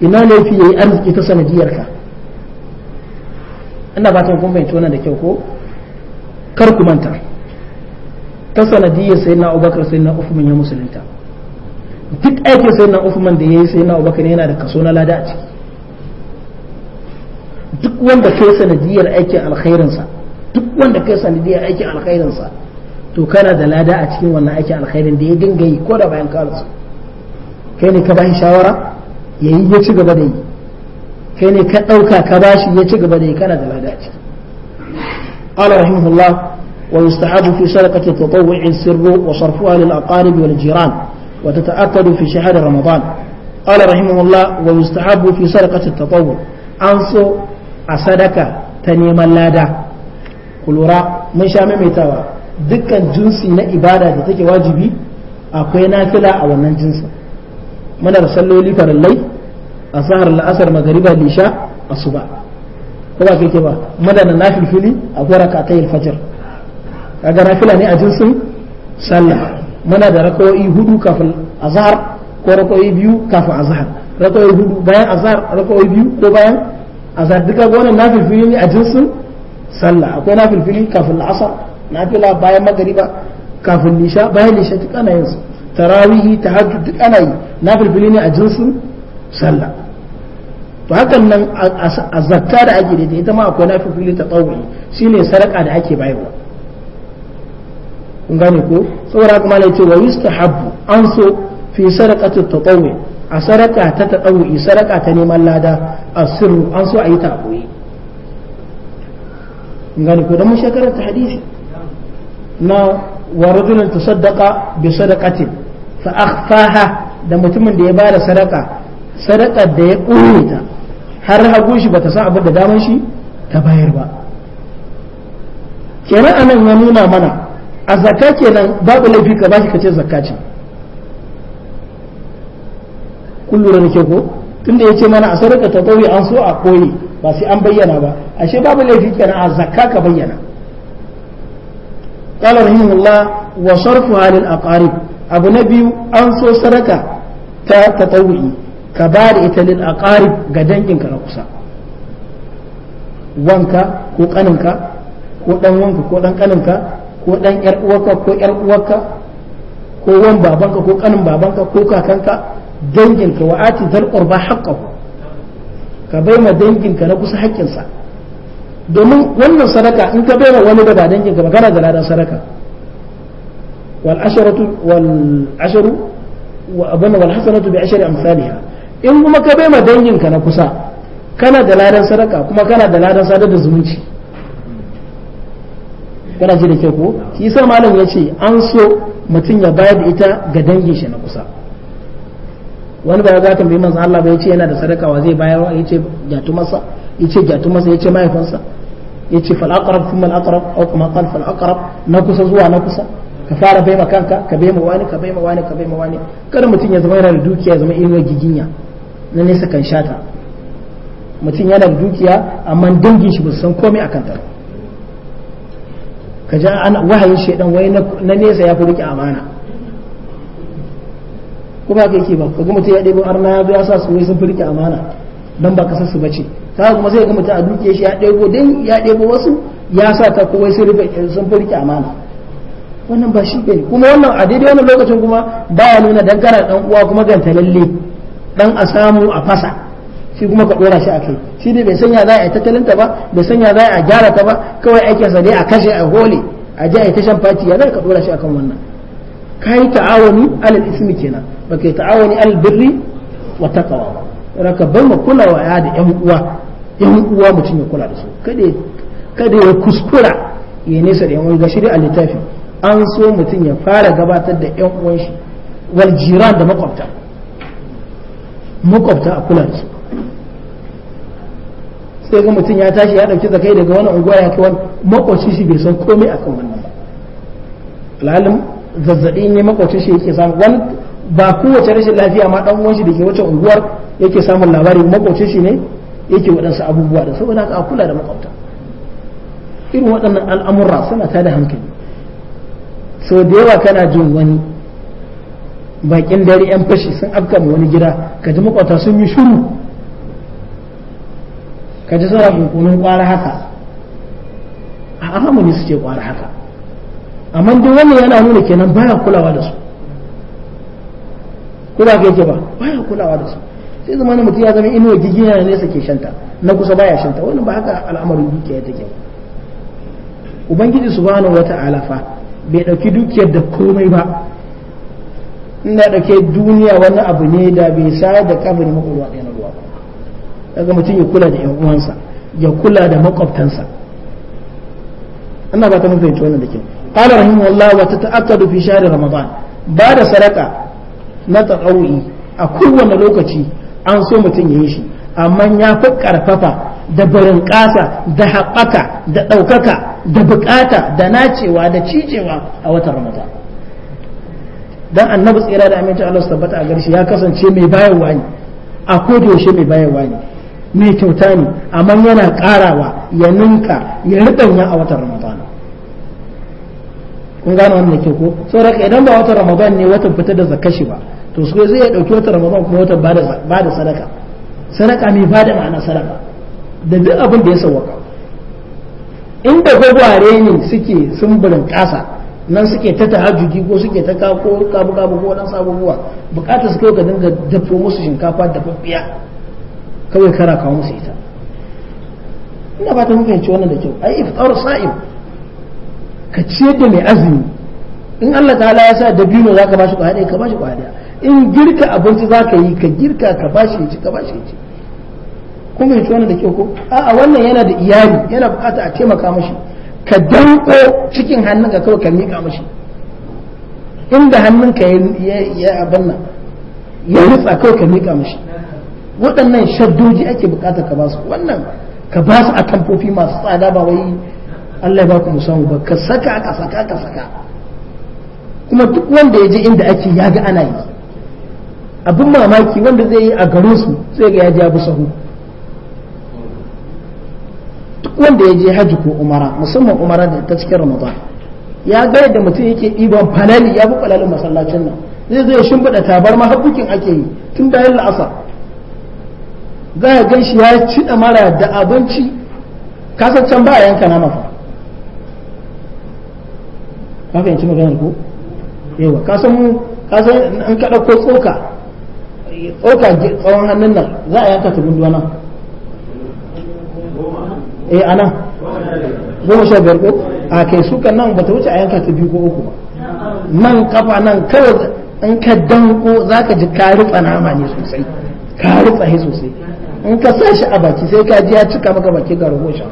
ina laifi ya yi arziki ta sanadiyar ka ina ba ta kun bayyana da kyau ko kar ku manta ta sanadiyar sai na abubakar sai na ufuman ya musulunta duk aiki sai na ufuman da ya yi sai na abubakar yana da kaso na lada a ciki duk wanda kai sanadiyar aikin alkhairinsa duk wanda kai sanadiyar aikin alkhairinsa to kana da lada a cikin wannan aikin alkhairin da ya dinga yi ko da bayan ka kai ne ka bashi shawara yi ya ci gaba da yi kai ne ka ɗauka ka bashi ya ci gaba da yi kana da lada a ciki qala rahimahullah wa yustahabu fi sadaqati tatawwu'i sirru wa sarfuha lil aqarib wal jiran wa tata'akkadu fi shahr ramadan qala rahimahullah wa yustahabu fi sadaqati tatawwu an so a sadaka ta neman lada kulura mun sha maimaitawa dukkan jinsi na ibada da take wajibi akwai nafila a wannan jinsin muna da salloli farallai a sahar la'asar magariba lisha asuba ko ba kake ba madana nafil fili a akwai rakatai fajar kaga nafila ne a jinsin sallah muna da rakawoyi hudu kafin azhar ko rakawoyi biyu kafin azhar rakawoyi hudu bayan azhar rakawoyi biyu ko bayan azhar duka wannan nafil fili ne a jinsin sallah akwai nafil fili kafin la'asar nafila bayan magariba kafin nisha bayan nisha duk ana yin su tarawihi tahajjud duk ana yi nafilfili ne a jinsin sallah to hakan nan a zakka da ake da ita ma akwai nafilfili ta tsawo shine saraka da ake bayarwa kun gane ko saboda kuma malai ce wa yustahabbu an so fi ta tatawwi a saraka ta ta tatawwi saraka ta neman lada sirru an so a yi ta koyi kun gane ko dan mun shekarar ta hadisi na wa ta tasaddaqa bi sadaqatin fa akhfaha da mutumin da ya bada sadaka sadaka da ya ta har hagu shi bata san abin da daman shi ta bayar ba kenan anan ya nuna mana a zakka kenan babu laifi ka bashi kace zakka ce kun lura ke ko tunda yace mana a sadaka ta kauye an so a koyi ba sai an bayyana ba ashe babu laifi kenan a zakka ka bayyana قال رحمه الله وصرفها للأقارب أبو نبي أنسو سرك تتطوعي كبار للأقارب قدنك كنقصا wanka ko kaninka ko dan wanka ko dan kaninka ko dan yar uwarka ko yar uwarka ko wan babanka ko kanin babanka ko kakanka ka bai ma danginka na kusa haƙƙinsa domin wannan sadaka in ka bayar wani da ba dangin ka magana da ladan sadaka wal asharatu wal asharu wa abana wal hasanatu bi ashri amsalha in kuma ka bayar dangin ka na kusa kana da ladan sadaka kuma kana da ladan sadar da zumunci kana ji da ke ko shi yasa malam yace an so mutum ya bayar da ita ga dangin shi na kusa wani ba za ta bi manzo Allah ba yace yana da sadaka wa zai wa yace ya tu masa yace gatumansa yace mahaifinsa yace fal aqrab thumma al aqrab aw kama qala fal aqrab na kusa zuwa na kusa ka fara bai ma kanka ka bai ma wani ka bai ma wani ka bai ma wani kada mutum ya zama yana da dukiya zama inuwa giginya na nesa kan shata mutum yana da dukiya amma dangin shi ba san komai a ta ka an ana wahayin shaidan wai na nesa ya fi rike amana kuma ka yake ba ka ga mutum ya ɗebo arna ya biya sa su wai sun fi rike amana don ba kasar su bace ta kuma sai ga mutum a duke shi ya ɗebo dan ya ɗebo wasu ya sa ta kowai sun rufe sun furke amana wannan ba shi ne kuma wannan a daidai wannan lokacin kuma ba ya nuna dan kana dan uwa kuma lalle dan a samu a fasa shi kuma ka ɗora shi a kai shi dai bai sanya za a yi tattalinta ba bai sanya za a gyara ta ba kawai aikin sa dai a kashe a hole a je a yi tashan fati ya zai ka ɗora shi a kan wannan kai ta'awuni alal ismi kenan ba yi ta'awuni alal birri wa taqwa ba raka bar mu kulawa ya da yan uwa yan uwa mutum ya kula da su kada ya kuskura ya nesa da yan uwa gashi a littafi an so mutum ya fara gabatar da yan uwan shi wal jiran da makwabta makwabta a kula da su sai ga mutum ya tashi ya dauki zakai daga wani unguwa ya kawai makwabci shi bai san komai a kan wannan lalim zazzabi ne makwabci shi yake samu wani ba kowace rashin lafiya ma ɗan uwan shi da ke wacce unguwar yake samun labari makwabci shi ne yake waɗansu abubuwa da saboda haka a kula da makwabta irin waɗannan al'amurra suna tada hankali sau da yawa kana jin wani bakin dare yan fashi sun afka wani gida ka ji makwabta sun yi shuru ka ji suna kunkunin kwara haka a ahamuni suke kwara haka amma duk wani yana nuna kenan baya kulawa da su kula ke ba baya kulawa da su sai zama na mutum ya zama inuwa na ne ke shanta na kusa baya shanta wannan ba haka al'amarin dukiya take ubangiji subhanahu wata fa bai dauki dukiyar da komai ba ina dauke duniya wani abu ne da bai sa da kabin makulwa ɗaya na ruwa daga mutum ya kula da yan uwansa ya kula da makwabtansa ina ba ta mun fahimci wannan da kyau qala rahimahullah wata tata'akkadu fi shahr ramadan ba da sadaka na taqawi a kowane lokaci an so mutum ya yi shi amma ya fi karfafa da barin kasa da haɓaka da ɗaukaka da bukata da nacewa da cicewa a watan ramadan dan annabi tsira da aminci Allah tabbata a garshi ya kasance mai bayarwa ne a yaushe mai bayarwa ne mai kyauta ne amma yana karawa ya ninka ya riɗanya a watan ramadan kun gano wannan ke ko saboda idan ba watan ramadan ne watan fita da zakashi ba to su zai ya dauki wata ramadan kuma wata ba da sadaka sadaka mai ba da ma'ana sadaka da duk abin da ya sauwaka inda gwagware ne suke sumburin kasa nan suke ta tahajjudi ko suke ta kako kabu kabu ko wadansu abubuwa bukatar su kai ka dinga dafo musu shinkafa da faffiya kawai kara kawo musu ita ina fata muka yanci wannan da kyau ai iftar sa'im ka ciyar da mai azumi in Allah ta'ala ya sa dabino zaka bashi shi ɗaya ka bashi kwaya ɗaya in girka abinci za ka yi ka girka ka ba shi ci ka ba shi ci kuma ya da ke ko a'a wannan yana da iyali yana bukata a taimaka mashi ka danko cikin hannunka kawai ka miƙa mashi inda hannunka ya abin nan ya rutsa kawai ka mika mashi waɗannan shaddoji ake bukata ka basu wannan ka basu a kamfofi masu tsada ba wai Allah ba ku musamu ba ka saka ka saka ka saka kuma duk wanda ya je inda ake ya ga ana yi abin mamaki wanda zai yi a garin su sai ga ya ji abu sahu duk wanda ya je haji ko umara musamman umara da ta cikin ramadan ya ga yadda mutum yake ɗiban falali ya fi falalin masallacin nan zai zo ya shimfiɗa tabar ma hakukin ake yi tun bayan la'asa za a gan shi ya ci mara da abinci kasancen ba a yanka nama fa ka fahimci maganar ko yawa kasan mu ka san in ka ɗauko tsoka ɗauka tsawon hannun nan za a yanka ta duwana nan eh ana goma sha biyar ko a kai suka nan ba ta wuce a yanka ta biyu ko uku ba nan kafa nan kawai in ka danko za ka ji ka rufa nama ne sosai ka rufa he sosai in ka sa shi a baki sai ka ji ya cika maka baki ga rago shi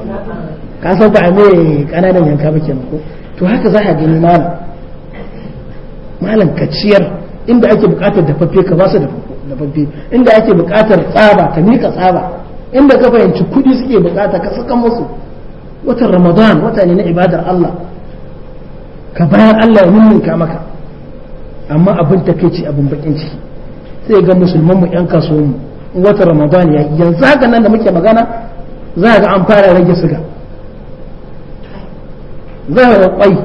ka san ba mai kananan yanka ba kenan ko to haka za ka gani malam malam ka ciyar inda ake bukatar dafaffe ka ba su dafaffe lafaffe inda ake bukatar tsaba ka mika tsaba inda ka fahimci kuɗi suke buƙata ka saka musu watan ramadan wata ne na ibadar Allah ka bayan Allah ya ka maka amma abin ce abin bakin ciki sai ga musulman mu yan kasuwan mu watan ramadan ya yanzu haka nan da muke magana za ga an fara rage siga za ga kwai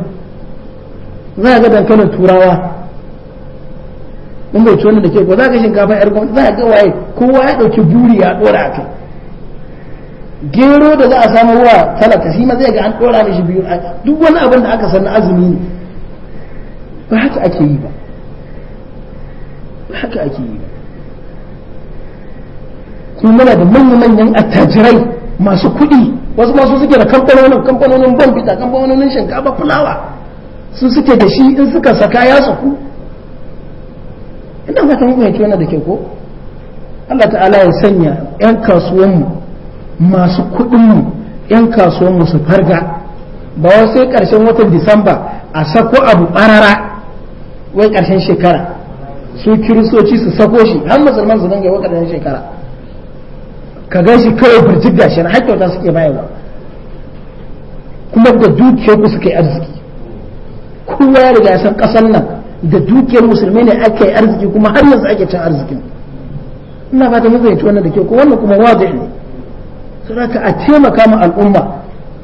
za ga dankalin turawa kun bai ci wannan da ke ko za ka shinkafa yar gwamnati za ka ga waye kowa ya dauki buri ya dora a kai gero da za a samu wa talaka shi ma zai ga an dora mishi biyu duk wani abin da aka san azumi ne ba haka ake yi ba ba haka ake yi ba kuma muna da manya-manyan attajirai masu kuɗi wasu masu suke da kamfanonin kamfanonin bambita kamfanonin shinkafa fulawa su suke da shi in suka saka ya saku ina ka mun fahimci wannan da ke ko Allah ta'ala ya sanya yan kasuwanmu masu kuɗinmu yan kasuwanmu su farga ba wai sai ƙarshen watan disamba a sako abu ɓarara wai ƙarshen shekara su kiristoci su sako shi har musulman su dinga wai ƙarshen shekara ka gan shi kawai da shi na hakkyauta suke bayarwa kuma da dukiyar ku suke arziki kowa ya riga ya san ƙasar nan da dukiyar musulmi ne ake arziki kuma har yanzu ake cin arzikin ina fata mun fahimci wannan da ke ko wannan kuma wazi ne saboda a taimaka ma al'umma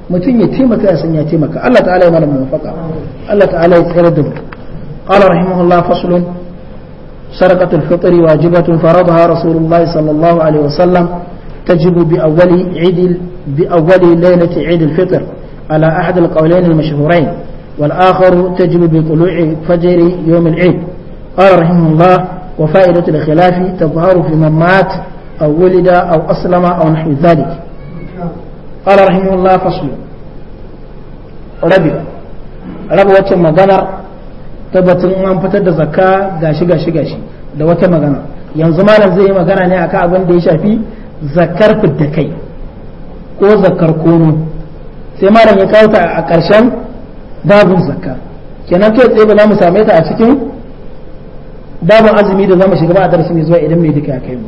mutum ya taimaka ya san ya taimaka Allah ta'ala ya mana muwafaka Allah ta'ala ya tsare da mu qala rahimahullah faslun سرقة الفطر واجبة فرضها رسول الله صلى الله عليه وسلم تجب بأول عيد بأول ليلة عيد الفطر على أحد القولين المشهورين والآخر تجب بطلوع فجر يوم العيد قال رحمه الله وفائدة الخلاف تظهر في من مات أو ولد أو أسلم أو نحو ذلك قال رحمه الله فصل ربي ربي wacce maganar tabbatin an fitar da zakka gashi gashi da wata magana yanzu malam zai yi magana ne akan abin da ya shafi zakar fidda kai ko zakar kono sai malam ya kawo ta a ƙarshen babin zakka kenan kai tsaye ba za mu same ta a cikin babin azumi da za mu shiga ba a darasi zuwa idan mai duka kai mu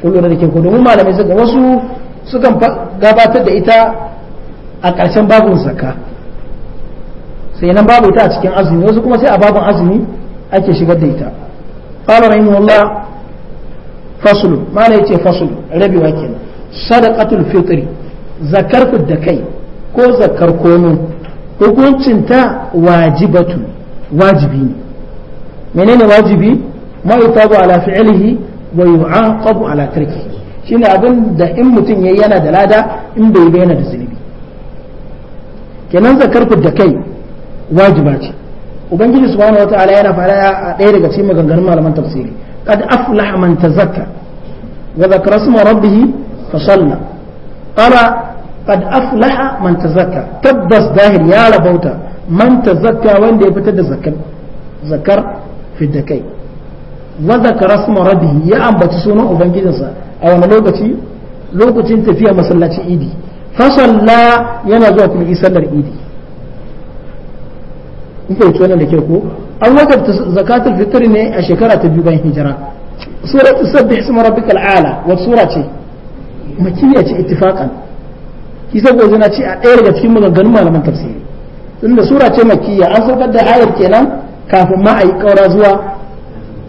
kun lura da ke ko domin malamai suka wasu sukan gabatar da ita a ƙarshen babin zakka sai nan babu ita a cikin azumi wasu kuma sai a babin azumi ake shigar da ita قال رحمه الله فصل ما لا يتي فصل ربي وكين صدقة الفطر ذكرت الدكي كو ذكر كونو hukuncinta wajibatu wajibi ne menene wajibi ma yutabu ala fi'lihi wa yu'aqabu ala tarkihi shine abin da in mutum yayi yana da lada in bai bayyana da zunubi kenan zakar da kai wajiba ce ubangiji subhanahu wataala yana fara a ɗaya daga cikin maganganun malaman tafsiri qad aflaha man tazakka wa dhakara isma fa qala qad aflaha man tazakka tabbas dahir ya rabauta manta tazakka wanda ya fitar da zakar zakar fidda kai wa zakara sma rabbi ya ambaci sunan ubangijinsa a wani lokaci lokacin tafiya masallacin idi fasalla yana zuwa kuma sallar idi in fahimci wannan da ke ko an wajabta zakatul fitr ne a shekara ta biyu bayan hijira suratu sabbih isma rabbikal ala wa sura ce makiyya ce ittifaqan shi sai gozo ce a ɗaya daga cikin maganganun malaman tafsiri tunda sura ce makiyya an saukar da ayar kenan kafin ma a yi ƙaura zuwa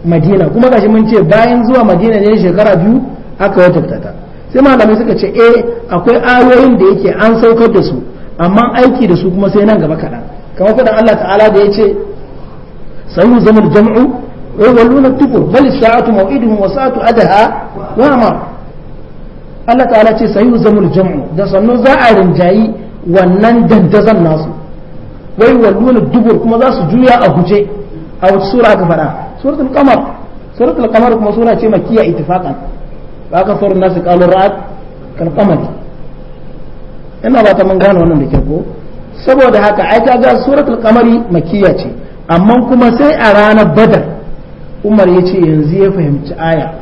madina kuma gashi mun ce bayan zuwa madina ne shekara biyu aka wata ta sai malamai suka ce eh akwai ayoyin da yake an saukar da su amma aiki da su kuma sai nan gaba kaɗan kamar faɗin Allah ta'ala da ya ce sayu zamar jam'u wa yawalluna dubur bal sa'atu maw'iduhum wa sa'atu adaha wa Allah ta'ala ce sayu zamul jam'u da sannu za a rinjayi wannan dandazan nasu wai walluna dubur kuma za su juya a guje a wata sura ta faɗa suratul qamar suratul qamar kuma sura ce makiya ittifaqan ba ka faru nasu qalu ra'at kal qamari ina ba ta mun gane wannan da ke ko saboda haka ai ta ga suratul qamari makiya ce amma kuma sai a ranar badar umar ya ce yanzu ya fahimci aya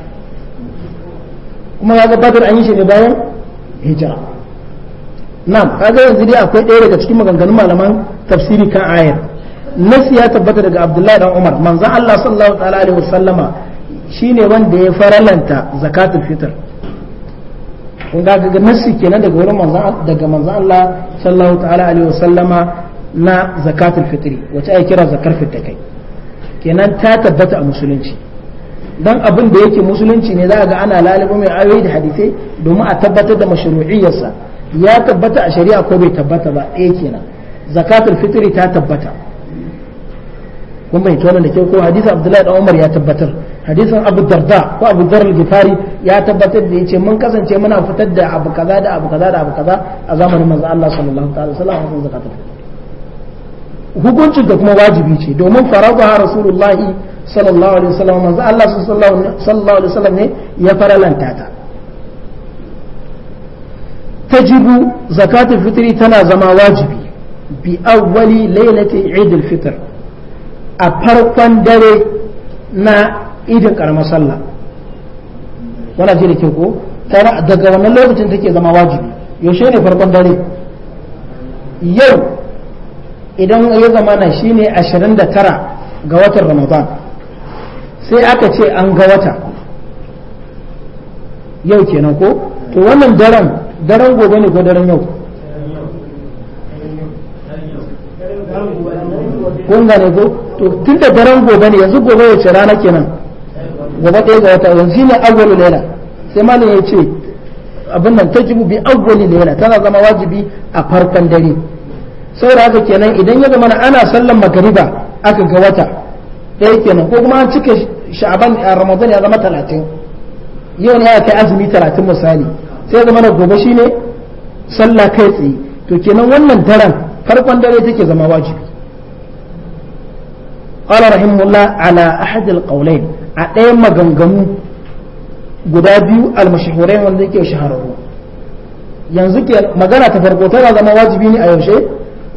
kuma kaga badar an yi shi ne bayan hijira na'am kaga yanzu dai akwai ɗaya daga cikin maganganun malaman tafsiri kan ayar nasi ya tabbata daga abdullahi dan umar manzon allah sallallahu ta'ala alaihi wasallama shine wanda ya faralanta zakatul fitr kun ga ga nasi kenan daga wurin manzon daga manzon allah sallallahu ta'ala alaihi wasallama na zakatul fitri wace ake kira zakar fitakai kenan ta tabbata a musulunci dan abin da yake musulunci ne za ga ana lalibu mai ayoyi da hadisai domin a tabbatar da mashru'iyyarsa ya tabbata a shari'a ko bai tabbata ba ɗaya eh, kenan zakatul fitri ta tabbata kun bai tona da kyau ko hadisin abdullahi da umar ya tabbatar hadisin abu darda ko abu darda gifari ya tabbatar da yace mun kasance muna fitar da abu kaza da abu kaza da abu kaza a zamanin manzo Allah sallallahu alaihi wasallam hadisin zakatul fitri hukuncin da kuma wajibi ce domin faradaha rasulullahi sallallahu alaihi wasallam manzo Allah sallallahu alaihi wasallam ne ya faralanta ta tajibu zakatul fitri tana zama wajibi bi awwali lailati eid al-fitr a farkon dare na idin karamar sallah Wana ji da ke ko daga wannan lokacin take zama wajibi yaushe ne farkon dare yau idan ya zama na shine 29 ga watan ramadan sai aka ce an ga wata yau kenan ko to wannan daren daren gobe ne ko daren yau kun ne ko to tun da daren gobe ne yanzu gobe ya ce rana kenan gobe ɗaya ga wata yanzu ne agwalu laila sai malam ya ce abin nan ta jibu bi agwalu laila tana zama wajibi a farkon dare saboda haka kenan idan ya zama ana sallan magariba aka ga wata ɗaya kenan ko kuma an cika sha'aban a eh, ramadan ya zama talatin yau ne ya kai azumi talatin misali sai zama na gobe shine sallah kai tsaye to kenan wannan daren farkon dare take zama wajibi قال رحمه الله على أحد القولين أتيم مغنغمو guda biyu almashahurai wanda yake shahararru yanzu ke magana ta farko tana zama wajibi ne a yaushe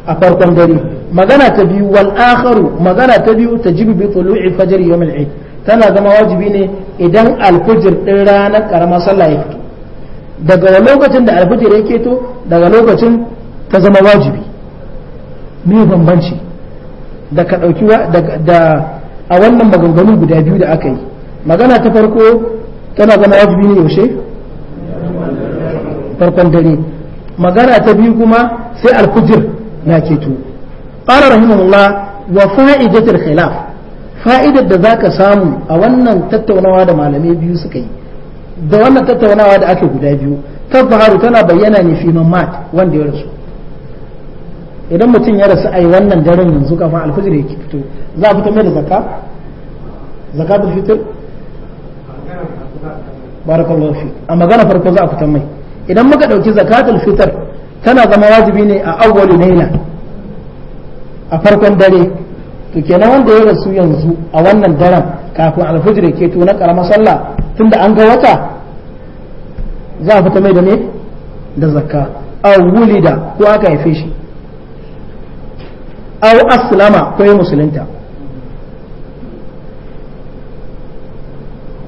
a farkon dare magana ta biyu wal akharu magana ta biyu tajibu bi tulu'i fajr yawm al-eid tana zama wajibi ne idan alfajir din ranar karamar sallah ya fito daga lokacin da alfajir yake to daga lokacin ta zama wajibi me bambanci da ka dauki da a wannan maganganu guda biyu da aka yi magana ta farko tana zama wajibi ne yaushe farkon dare magana ta biyu kuma sai alfajir na keto qala rahimahullah wa fa'idatul khilaf fa'idar da zaka samu a wannan tattaunawa da malamai biyu suka yi da wannan tattaunawa da aka guda biyu tabbaharu tana bayyana ne fi mamat wanda ya rasu idan mutum ya rasu ai wannan daren yanzu kafin alfajir yake fito za a fito mai da zakka zakatul fitr barakallahu fi a magana farko za a fitar mai idan muka ɗauki zakatul fitar tana zama wajibi ne a awwalu laila a farkon dare to kenan wanda ya rasu yanzu a wannan daren kafin alfijir ke to na karamar sallah tunda an ga wata za a fita mai da ne da zakka aw wulida ko aka haife shi aw aslama ko ya musulunta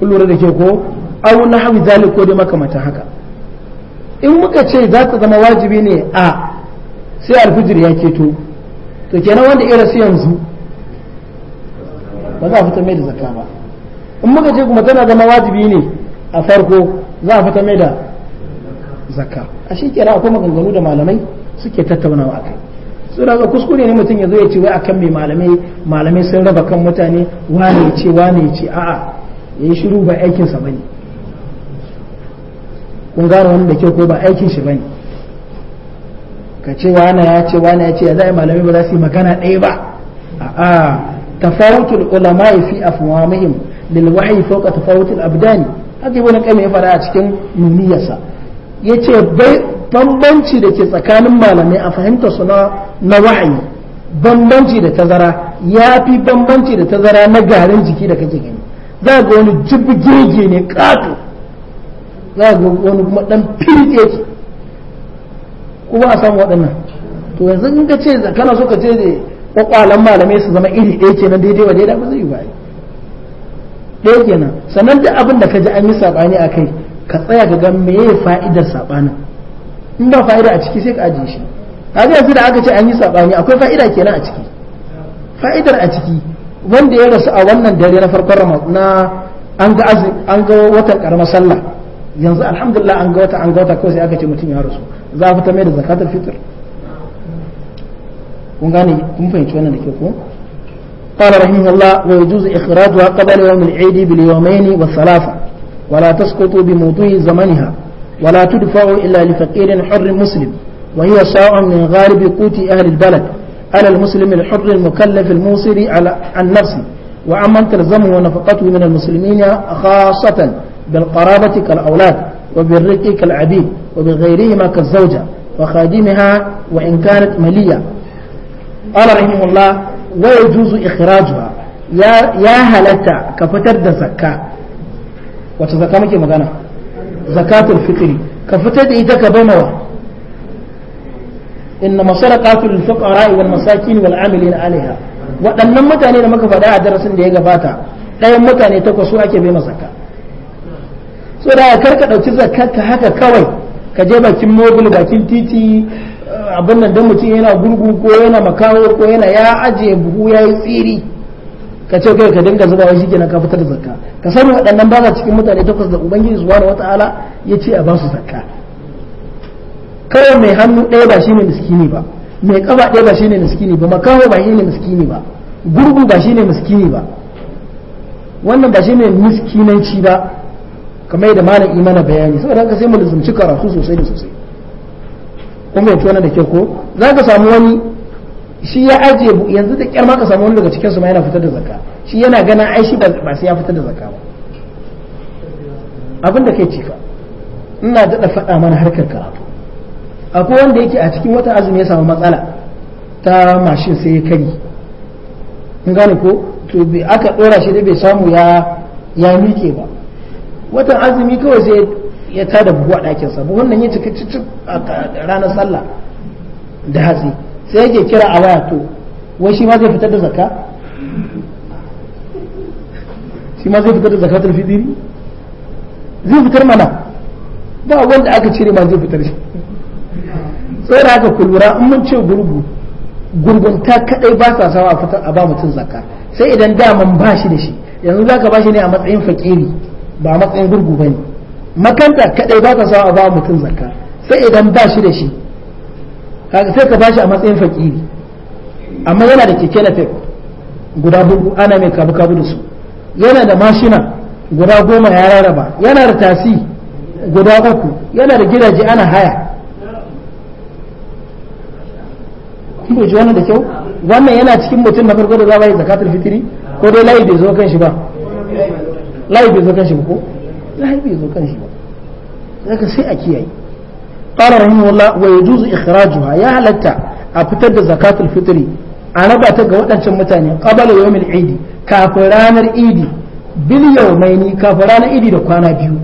kullum da ke ko aw hawi zalik ko dai makamata haka in muka ce za ta zama wajibi ne a sai alfijir ya keto to kenan wanda irin su yanzu ba za a fita mai da zakka ba in muka ce kuma tana zama wajibi ne a farko za a fita mai da zakka a shi kira akwai maganganu da malamai suke tattaunawa a kai suna ga kuskure ne mutum ya zo ya ce wai akan mai malamai malamai sun raba kan mutane wane ya ce wane ya ce a'a ya yi shiru ba aikinsa ba ne kun gane wani da kyau ko ba aikin shi ba ne ka ce wani ya ce wani ya ce zai malamai ba za su yi magana ɗaya ba a'a tafawutul ulama fi afwamihim lil wahyi fawqa tafawutul abdani haka ibn qayyim ya fara a cikin nuniyarsa yace bambanci da ke tsakanin malamai a fahimta su na wahayi bambanci da tazara ya fi bambanci da tazara na garin jiki da kake gani za ga wani jibgege ne ƙato za ga wani kuma ɗan firgege ko ba a samu waɗannan to yanzu in ka ce kana so ka ce ne kwakwalan malamai su zama iri ɗaya kenan daidai wa daidai ba zai yi ba ɗaya kenan sannan duk abin da ka ji an yi saɓani a kai ka tsaya ka ga meye fa'idar saɓanin in ba fa'ida a ciki sai ka ajiye shi kaga yanzu da aka ce an yi saɓani akwai fa'ida kenan a ciki fa'idar a ciki wanda ya rasu a wannan dare na farkon ramadan na an ga watan karamar sallah yanzu alhamdulillah an ga wata an ga wata ko sai aka ce mutum ya rasu za a fita mai da zakatul fitr kun gane kun fahimci wannan da ke ko قال رحمه الله ويجوز إخراجها قبل يوم العيد باليومين والثلاثة ولا تسقط بموضوع زمنها ولا تدفع إلا لفقير حر مسلم وهي شاء من غالب قوت أهل البلد على المسلم الحر المكلف الموصل على النفس وعمن تلزمه نفقته من المسلمين خاصة بالقرابة كالأولاد وبالرق كالعبيد وبغيرهما كالزوجة وخادمها وإن كانت ملية قال رحمه الله ويجوز إخراجها يا يا هلتا كفتر زكاة وتزكاة مكي مغانا زكاة الفطر كفتر إذا كبنوا إنما صدقات للفقراء والمساكين والعاملين عليها waɗannan mutane da muka faɗa a darasin da ya gabata ɗayan mutane takwas su ake bai masaka so da kar ka ɗauki zakarka haka kawai ka je bakin mobil bakin titi abin nan don mutum yana gurgu ko yana makawo ko yana ya ajiye buhu ya yi tsiri ka ce kai ka dinga zuba wani shi ka fitar da zakka ka sami waɗannan ba za cikin mutane takwas da ubangiji wata wata'ala ya ce a ba su zakka kawai mai hannu ɗaya ba shine miskini ba mai ƙafa ɗaya ba shine miskini ba makaho ba shine miskini ba gurgu ba shine miskini ba wannan ba shine miskinanci ba kamar yadda malam imana bayani saboda haka sai mu lizumci karatu sosai da sosai kuma ya tona da ke ko za ka samu wani shi ya ajiye yanzu da kyar ma ka samu wani daga cikinsu ma yana fitar da zakka shi yana ganin ai shi ba sai ya fitar da zakka ba abinda da kai cika ina daɗa faɗa mana harkar karatu akwai wanda yake a cikin wata azumi ya samu matsala ta mashin sai ya kari in gane ko to aka ɗora shi da bai samu ya ya miƙe ba watan azumi kawai sai ya tada buhu a ɗakinsa buhun nan ya cika cicci a ranar sallah da hatsi sai yake kira a waya to wai shi ma zai fitar da zakka shi ma zai fitar da zakatul fitiri zai fitar mana ba wanda aka cire ma zai fitar shi sai da haka kulura in mun ce gurgu gurgunta kadai ba sa sawa a fitar a ba mutum zakka sai idan daman ba shi da shi yanzu zaka ba shi ne a matsayin fakiri ba matsayin gurgu ba ne makanta kadai ba ka samu a ba mutum zakka sai idan ba shi da shi kaga sai ka bashi a matsayin fakiri amma yana da keke nafek guda gurgu ana mai kabu kabu da su yana da mashina guda goma ya rarraba yana da tasi guda uku yana da gidaje ana haya kun ji wannan da kyau wannan yana cikin mutum na farko da za a yi zakatul fitiri ko dai layi bai zo kan shi ba layi bai zo kan shi ba ko layi bai zo kan shi ba zaka sai a kiyaye qala rahimahullah wa yajuzu ikhrajuha ya halatta a fitar da zakatul fitri a raba ta ga waɗancan mutane qabala yawmil idi kafin ranar idi bil yawmaini kafin ranar idi da kwana biyu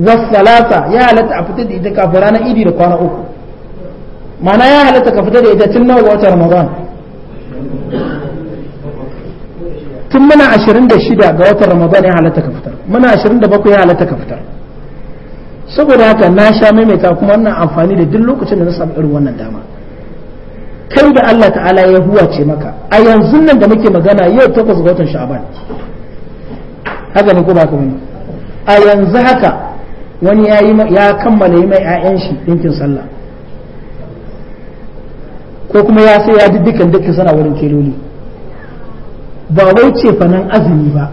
wasalata ya halatta a fitar da ita kafin ranar idi da kwana uku ma'ana ya halatta ka fitar da ita tun nawa wata ramadan tun muna 26 ga watan ramadan ya halatta ka fitar muna 27 ya halatta ka fitar saboda haka na sha maimaita kuma wannan amfani da duk lokacin da na samu irin wannan dama kai da Allah ta'ala ya huwace maka a yanzu nan da muke magana yau takwas ga watan sha'aban haka ne ko ba ka wani a yanzu haka wani ya yi ya kammala yi mai ƴaƴan shi dinkin sallah ko kuma ya sai ya dukkan dukkan sana wurin keloli ba wai ce fanan azumi ba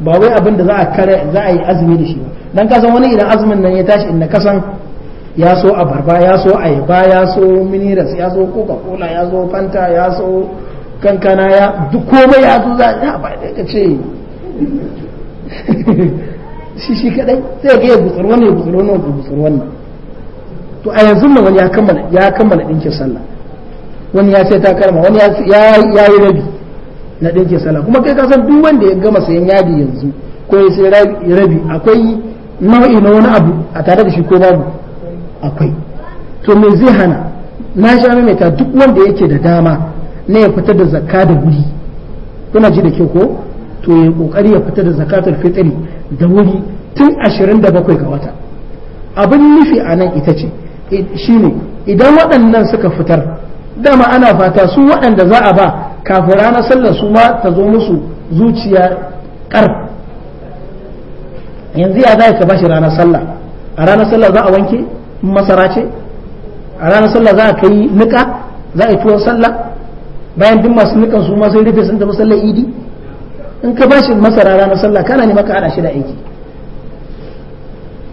ba wai abin da za a kare za a yi azumi da shi ba dan ka san wani idan azumin nan ya tashi inda ka san ya so abarba ya so ayaba ya so miniras ya so coca cola ya so fanta ya so kankana ya duk komai ya zo za a ba dai ka ce shi shi kadai sai ga ya gutsur wani ya gutsur wani ya gutsur wani to a yanzu wani ya kammala ya kammala dinkin sallah wani ya ce ta karma wani ya yi rabi na ɗinkin sallah kuma kai ka san duk wanda ya gama sayan yadi yanzu ko ya sai rabi akwai nau'i na wani abu a tare da shi ko babu akwai to me zai hana na sha ta duk wanda yake da dama na ya fitar da zakka da wuri kuna ji da kyau ko to ya kokari ya fitar da zakatul fitri da wuri tun 27 ga wata abin nufi a nan ita ce shine idan waɗannan suka fitar dama ana fata su waɗanda za a ba kafin ranar sallar su ma ta zo musu zuciya kar yanzu ya zai ka bashi ranar sallah a ranar sallah za a wanke masara ce a ranar sallah za a kai nika za a yi tuwon sallah bayan duk masu nikan su ma sun rufe sun tafi sallar idi in ka bashi masara ranar sallah kana ne maka ana shi da aiki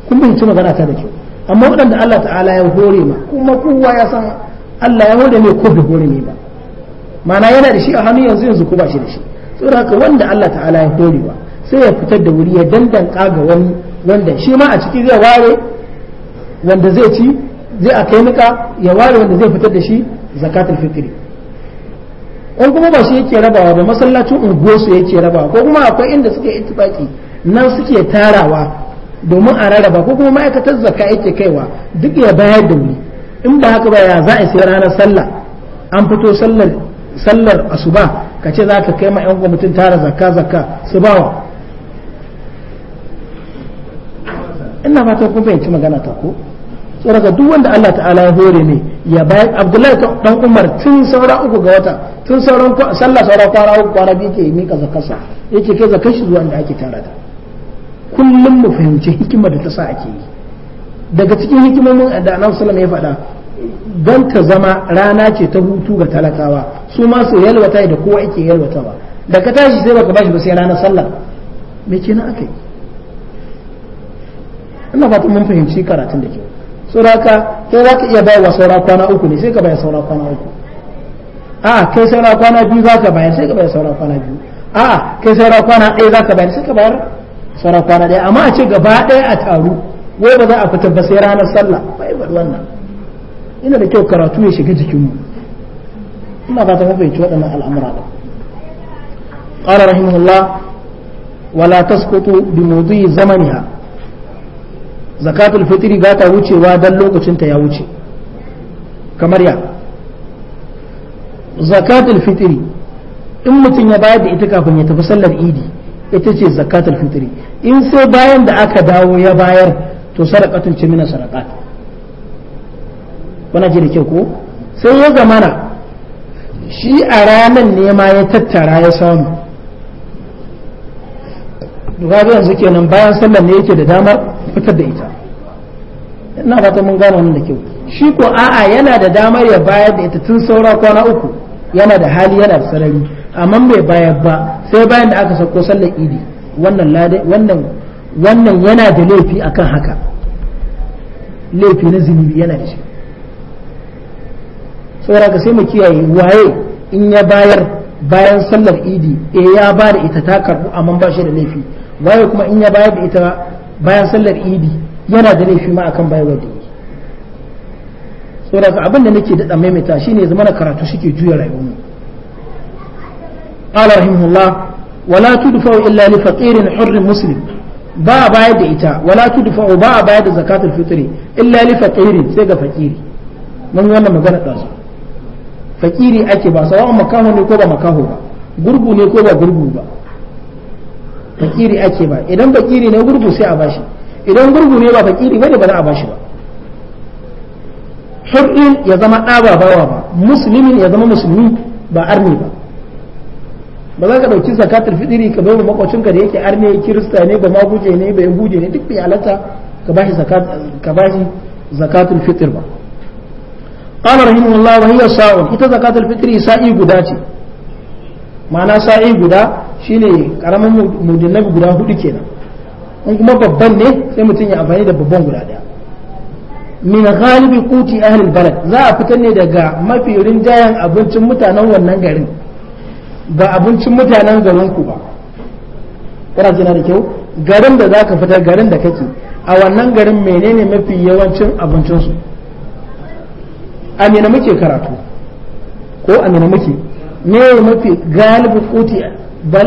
kun fahimci magana ta da kyau amma waɗanda Allah ta'ala ya hore ma kuma kowa ya san Allah ya hore mai ko bai hore ne ba mana yana da shi a hannu yanzu yanzu ko ba shi da shi saboda haka wanda Allah ta'ala ya dorewa sai ya fitar da wuri ya dandanka ga wani wanda shi ma a ciki zai ware wanda zai ci zai a kai nika ya ware wanda zai fitar da shi zakatul fitri in kuma ba shi yake rabawa ba masallacin unguwarsu yake rabawa ko kuma akwai inda suke itibaki nan suke tarawa domin a rarraba ko kuma ma'aikatar zakka yake kaiwa duk ya bayar da wuri in ba haka ba ya za a sai ranar sallah an fito sallar sallar asuba ka ce za ka kai ma 'yan mutum tara zakka zakka su bawa ina ba ta kun fahimci magana ta ko ga duk wanda Allah ta'ala ya hore ne ya bayan abdullahi dan umar tun saura uku ga wata tun sauran sallah saura kwana uku kwana biyu ke mika zakarsa yake kai zakar shi zuwa inda ake tara ta kullum mu fahimci hikimar da ta sa ake yi daga cikin hikimomin da annabi sallallahu ya faɗa don ta zama rana ce ta hutu ga talakawa su ma su yalwata da kowa yake yalwata ba da ka tashi sai baka bashi ba sai ranar sallah me kenan aka yi ina fatan mun fahimci karatun da ke sauraka kai za ka iya wa saura kwana uku ne sai ka bayar saura kwana uku a kai saura kwana biyu za ka bayar sai ka bayar saura kwana biyu a kai saura kwana ɗaya za ka bayar sai ka bayar saura kwana ɗaya amma a ce gaba ɗaya a taru wai ba za a fitar ba sai ranar sallah bai wannan ina da kyau karatu ya shiga jikinmu ina ba ta mafaici waɗannan al’amura ba ƙara rahimahullah wala ta skutu bi mudi zamaniha zakatul fitri ba ta wucewa don lokacinta ya wuce kamar ya zakatul fitri in mutum ya bayar da ita kafin ya tafi sallar idi ita ce zakatul fitiri in sai bayan da aka dawo ya bayar to sarakatul cimina sarakat wana ji da kyau ko sai ya zamana shi a ranar ne ma ya tattara ya samu duka yanzu kenan bayan sallar ne yake da damar fitar da ita ina fata mun gano nan da kyau shi ko a'a yana da damar ya bayar da ita tun saura kwana uku yana da hali yana da sarari amma bai bayar ba sai bayan da aka sauko sallar idi wannan yana da laifi akan haka laifi na zunubi yana da shi saboda ka sai mu kiyaye waye in ya bayar bayan sallar idi e ya ba da ita ta karbu amma ba shi da laifi waye kuma in ya bayar da ita bayan sallar idi yana da laifi ma akan bayar da yi saboda ka abin da nake daɗa maimaita shine zama na karatu shike juya rayuwar mu قال رحمه الله ولا illa إلا لفقير حر مسلم ba bayar da ita wala tudfa ba bayar da zakatul fitri illa li faqirin sai ga fakiri mun wannan magana da fakiri ake ba sawa makaho ne ko ba makaho ba gurgu ne ko ba gurgu ba fakiri ake ba idan fakiri ne gurgu sai a bashi idan gurgu ne ba fakiri bane ba za a bashi ba hurrin ya zama ɗa bawa ba musulmin ya zama musulmi ba arni ba ba za ka ɗauki zakatul fitiri ka bai makwacinka da yake arne kirista ne ba maguje ne ba yahuje ne duk bai halatta ka bashi zakatul fitir ba قال رحمه الله وهي ita zakatul fitri sa'i guda ce ma'ana sa'i guda shine karamin mudinnabi guda hudu kenan in kuma babban ne sai mutum ya amfani da babban guda daya kuti ahli balad za a ne daga mafi rinjayen abincin mutanen wannan garin ba abincin mutanen garin ku ba kana jina da kyau garin da zaka fita garin da kake a wannan garin ne mafi yawancin abincinsu amina muke karatu ko amina muke me mafi galibin kuti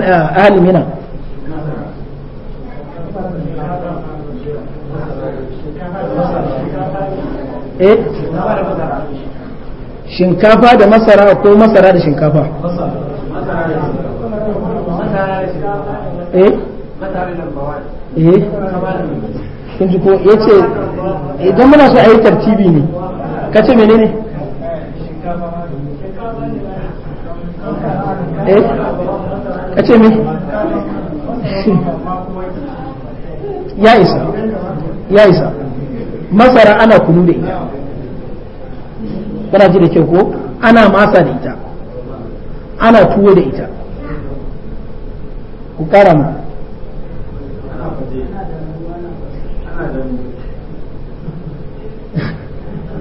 a alimina eh shinkafa da masara ko masara da shinkafa eh eh kun ji ko yace idan muna so a yi tartibi ne ka ce menene eh ka ce me ya isa ya isa masara ana kunu da ita kana ji da kyau ko ana masa da ita ana tuwo da ita ku kara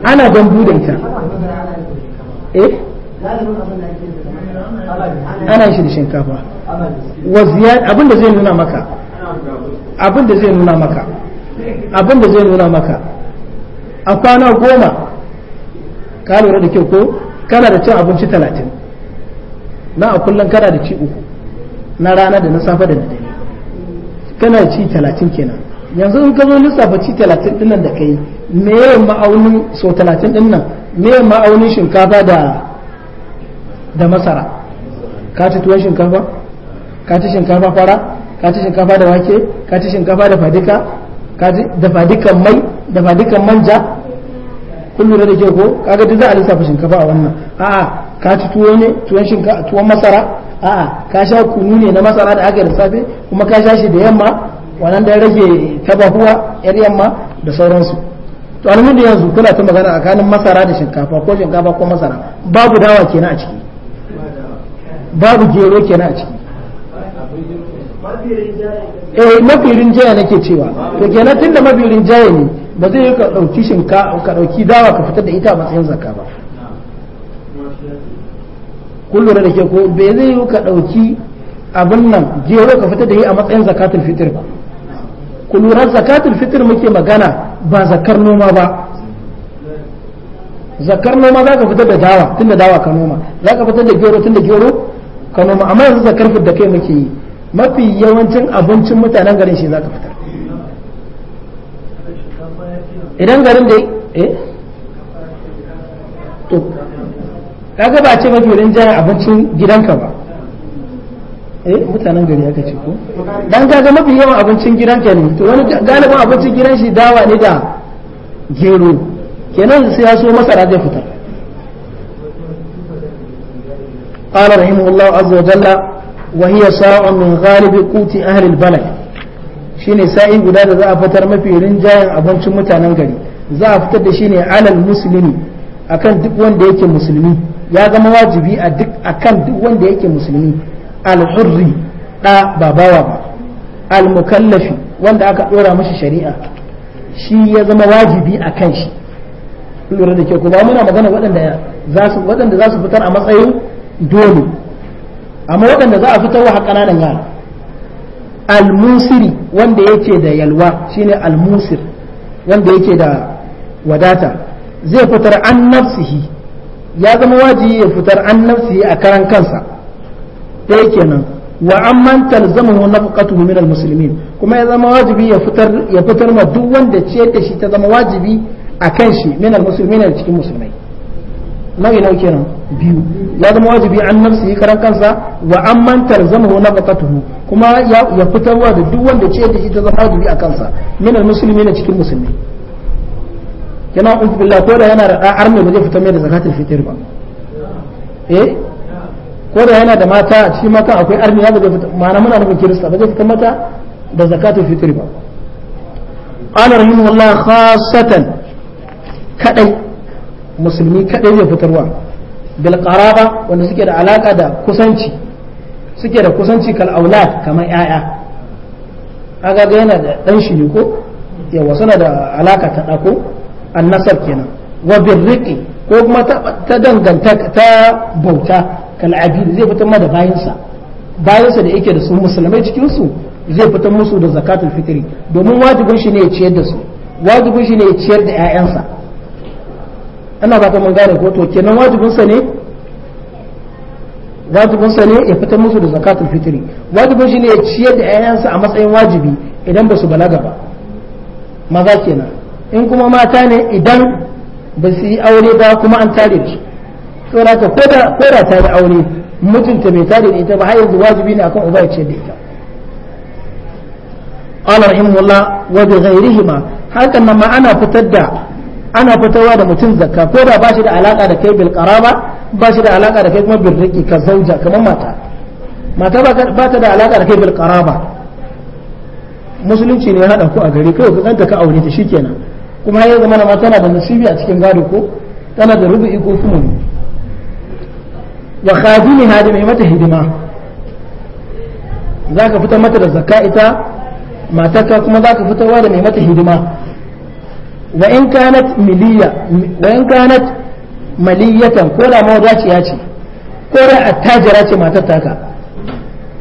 ana dambu da ita eh ana shi da shinkafa wa abin da zai nuna maka abin da zai nuna maka abin da zai nuna maka a kwana goma ka lura da kyau ko kana da cin abinci talatin na a kullum kana da ci uku na rana da na safe da na dare kana ci talatin kenan yanzu in ka zo lissafa ci talatin dinnan da kai me ma'aunin so talatin din nan me ma'aunin shinkafa da da masara ka ci tuwon shinkafa ka ci shinkafa fara ka ci shinkafa da wake ka ci shinkafa da fadika da fadikan mai da fadikan manja kullu da ke ko kaga duk za a lissafa shinkafa a wannan a'a ka ci tuwo ne tuwon shinkafa tuwon masara a'a ka sha kunu ne na masara da aka da kuma ka sha shi da yamma wannan da rage tabahuwa yar yamma da sauransu to alamin da yanzu kuna ta magana a kanin masara da shinkafa ko shinkafa ko masara babu dawa kenan a ciki babu gero kenan a ciki eh mafirin jaya nake cewa to kenan tunda mafirin jaya ne ba zai yi ka dauki shinkafa ka dauki dawa ka fitar da ita a matsayin zakka ba kullum da ke ko bai zai yi ka dauki abin nan gero ka fitar da yi a matsayin zakatul fitr ba ku lura zakatul fitr muke magana ba zakar noma ba zakar noma za ka fitar da dawa tunda dawa ka noma za ka fitar da gero tunda gero ka noma amma yanzu zakar fitar da kai muke yi mafi yawancin abincin mutanen garin shi za ka fitar idan garin da eh to kaga ba ce mafi rinjayen abincin gidanka ba eh mutanen gari aka ce ko dan kaga mafi yawan abincin gidan ka ne to wani galibin abincin gidan shi dawa ne da gero kenan sai ya so masara zai fitar قال رحمه الله wa وجل وهي ساع من غالب قوت أهل البلد shine sa'i guda da za a fitar mafi rinjayen abincin mutanen gari za a fitar da shine ne alal musulmi akan duk wanda yake musulmi ya zama wajibi a duk akan duk wanda yake musulmi al-hurri da ba ba wanda aka dora mashi shari'a shi ya zama wajibi a kan shi lura da ke ba muna magana waɗanda za su fitar a matsayin dole amma waɗanda za a fitar wa ƙananan yara wanda yake da yalwa shine almusir musir wanda yake da wadata zai fitar an nafsihi ya zama wajibi ya fitar an nafsihi a karan kansa ɗaya kenan wa amman talzamahu min almuslimin kuma ya zama wajibi ya fitar ya fitar ma duk wanda ce da shi ta zama wajibi akan shi min almuslimin da cikin musulmai nawi nawa kenan biyu ya zama wajibi an nafsi karan kansa wa amman talzamahu nafaqatuhu kuma ya fitarwa da duk wanda ce da shi ta zama wajibi a kansa min almuslimin cikin musulmai yana ubillah ko da yana da arme ba zai fitar mai da zakatul fitr ba eh ko da yana da mata shi cikin mata akwai arni ya zai fita ma'ana muna nufin kirista ba zai fita mata da zakatul fitri ba qala rahimahullah khassatan kadai musulmi kadai zai fitarwa bil qaraba wanda suke da alaka da kusanci suke da kusanci kal aulad kamar yaya kaga ga yana da dan shi ne ko yawa suna da alaka ta dako nasar kenan wa birriqi ko kuma ta dangantaka ta bauta kal'abid zai fitar ma da bayansa bayansa da yake da su musulmai cikin su zai fitar musu da zakatul fitri domin wajibin shi ne ya ciyar da su wajibin shi ne ya ciyar da ƴaƴansa ana ba ta mun gane ko to kenan wajibin sa ne wajibin sa ne ya fitar musu da zakatul fitri wajibin shi ne ya ciyar da ƴaƴansa a matsayin wajibi idan ba su balaga ba maza kenan in kuma mata ne idan ba su yi aure ba kuma an tare da su saboda ko da ta yi aure mutunta mai tarin ita ba har wajibi ne akan uba ya ce da ita ala rahimullah wa bi ghairihima hakan nan ma ana fitar da ana fitarwa da mutum zakka ko da bashi da alaka da kai bil qaraba bashi da alaka da kai kuma bil riqi ka zauja kamar mata mata ba ta da alaka da kai bil qaraba musulunci ne ya hada ku a gari kai ku ka aure ta shikenan kuma yanzu mana ma tana da nasibi a cikin gado ko tana da rubu'i ko kuma wa khadimi da mai mata hidima za ka fitar mata da zakka ita matarka kuma za ka fitarwa da mai mata hidima wa in kanat miliya wa in kanat maliyatan ko da mawadaciya ce ko da attajira ce matar taka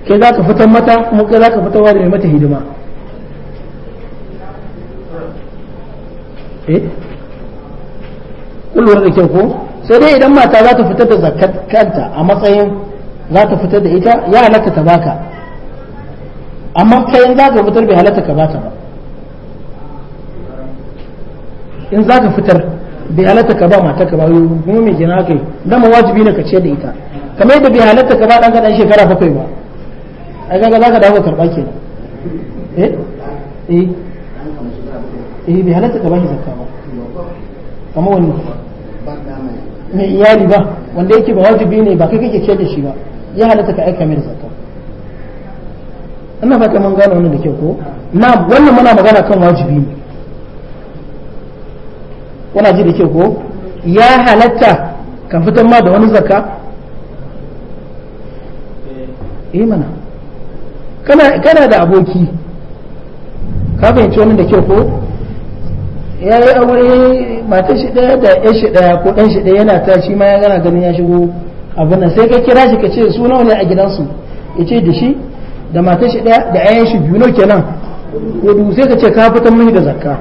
ke za ka fitar mata kuma ke za ka fitarwa da mai mata hidima eh kullu da kyau ko sai dai idan mata za ta fitar da zakat kanta a matsayin za ta fitar da ita ya halatta ta baka amma kayan in za ka fitar bai halatta ka bata ba in za ka fitar bai halatta ka ba mata ka ba kuma mai gina kai dama wajibi ne ka ce da ita kamar yadda bai halatta ka ba dan kadan shekara bakwai ba ai kaga za ka dawo karba kenan eh eh eh bai halatta ka ba shi zakka ba kamar wani mai iyali ba wanda yake ba wajibi ne ba kai kake ce da shi ba ya halatta ka aika mai zakka ina ka mun gano wannan da kyau ko na wannan muna magana kan wajibi ne kuna ji da kyau ko ya halatta ka fitar ma da wani zakka eh mana kana kana da aboki ka fahimci wannan da kyau ko ya yi aure mata shi ɗaya da ya shi ɗaya ko ɗan shi ɗaya yana ta shi ma ya gana ganin ya shigo abin nan sai ka kira shi ka ce su nawa ne a gidansu ya ce da shi da mata shi ɗaya da ayan shi biyu nau kenan ko duk sai ka ce ka fitan mai da zakka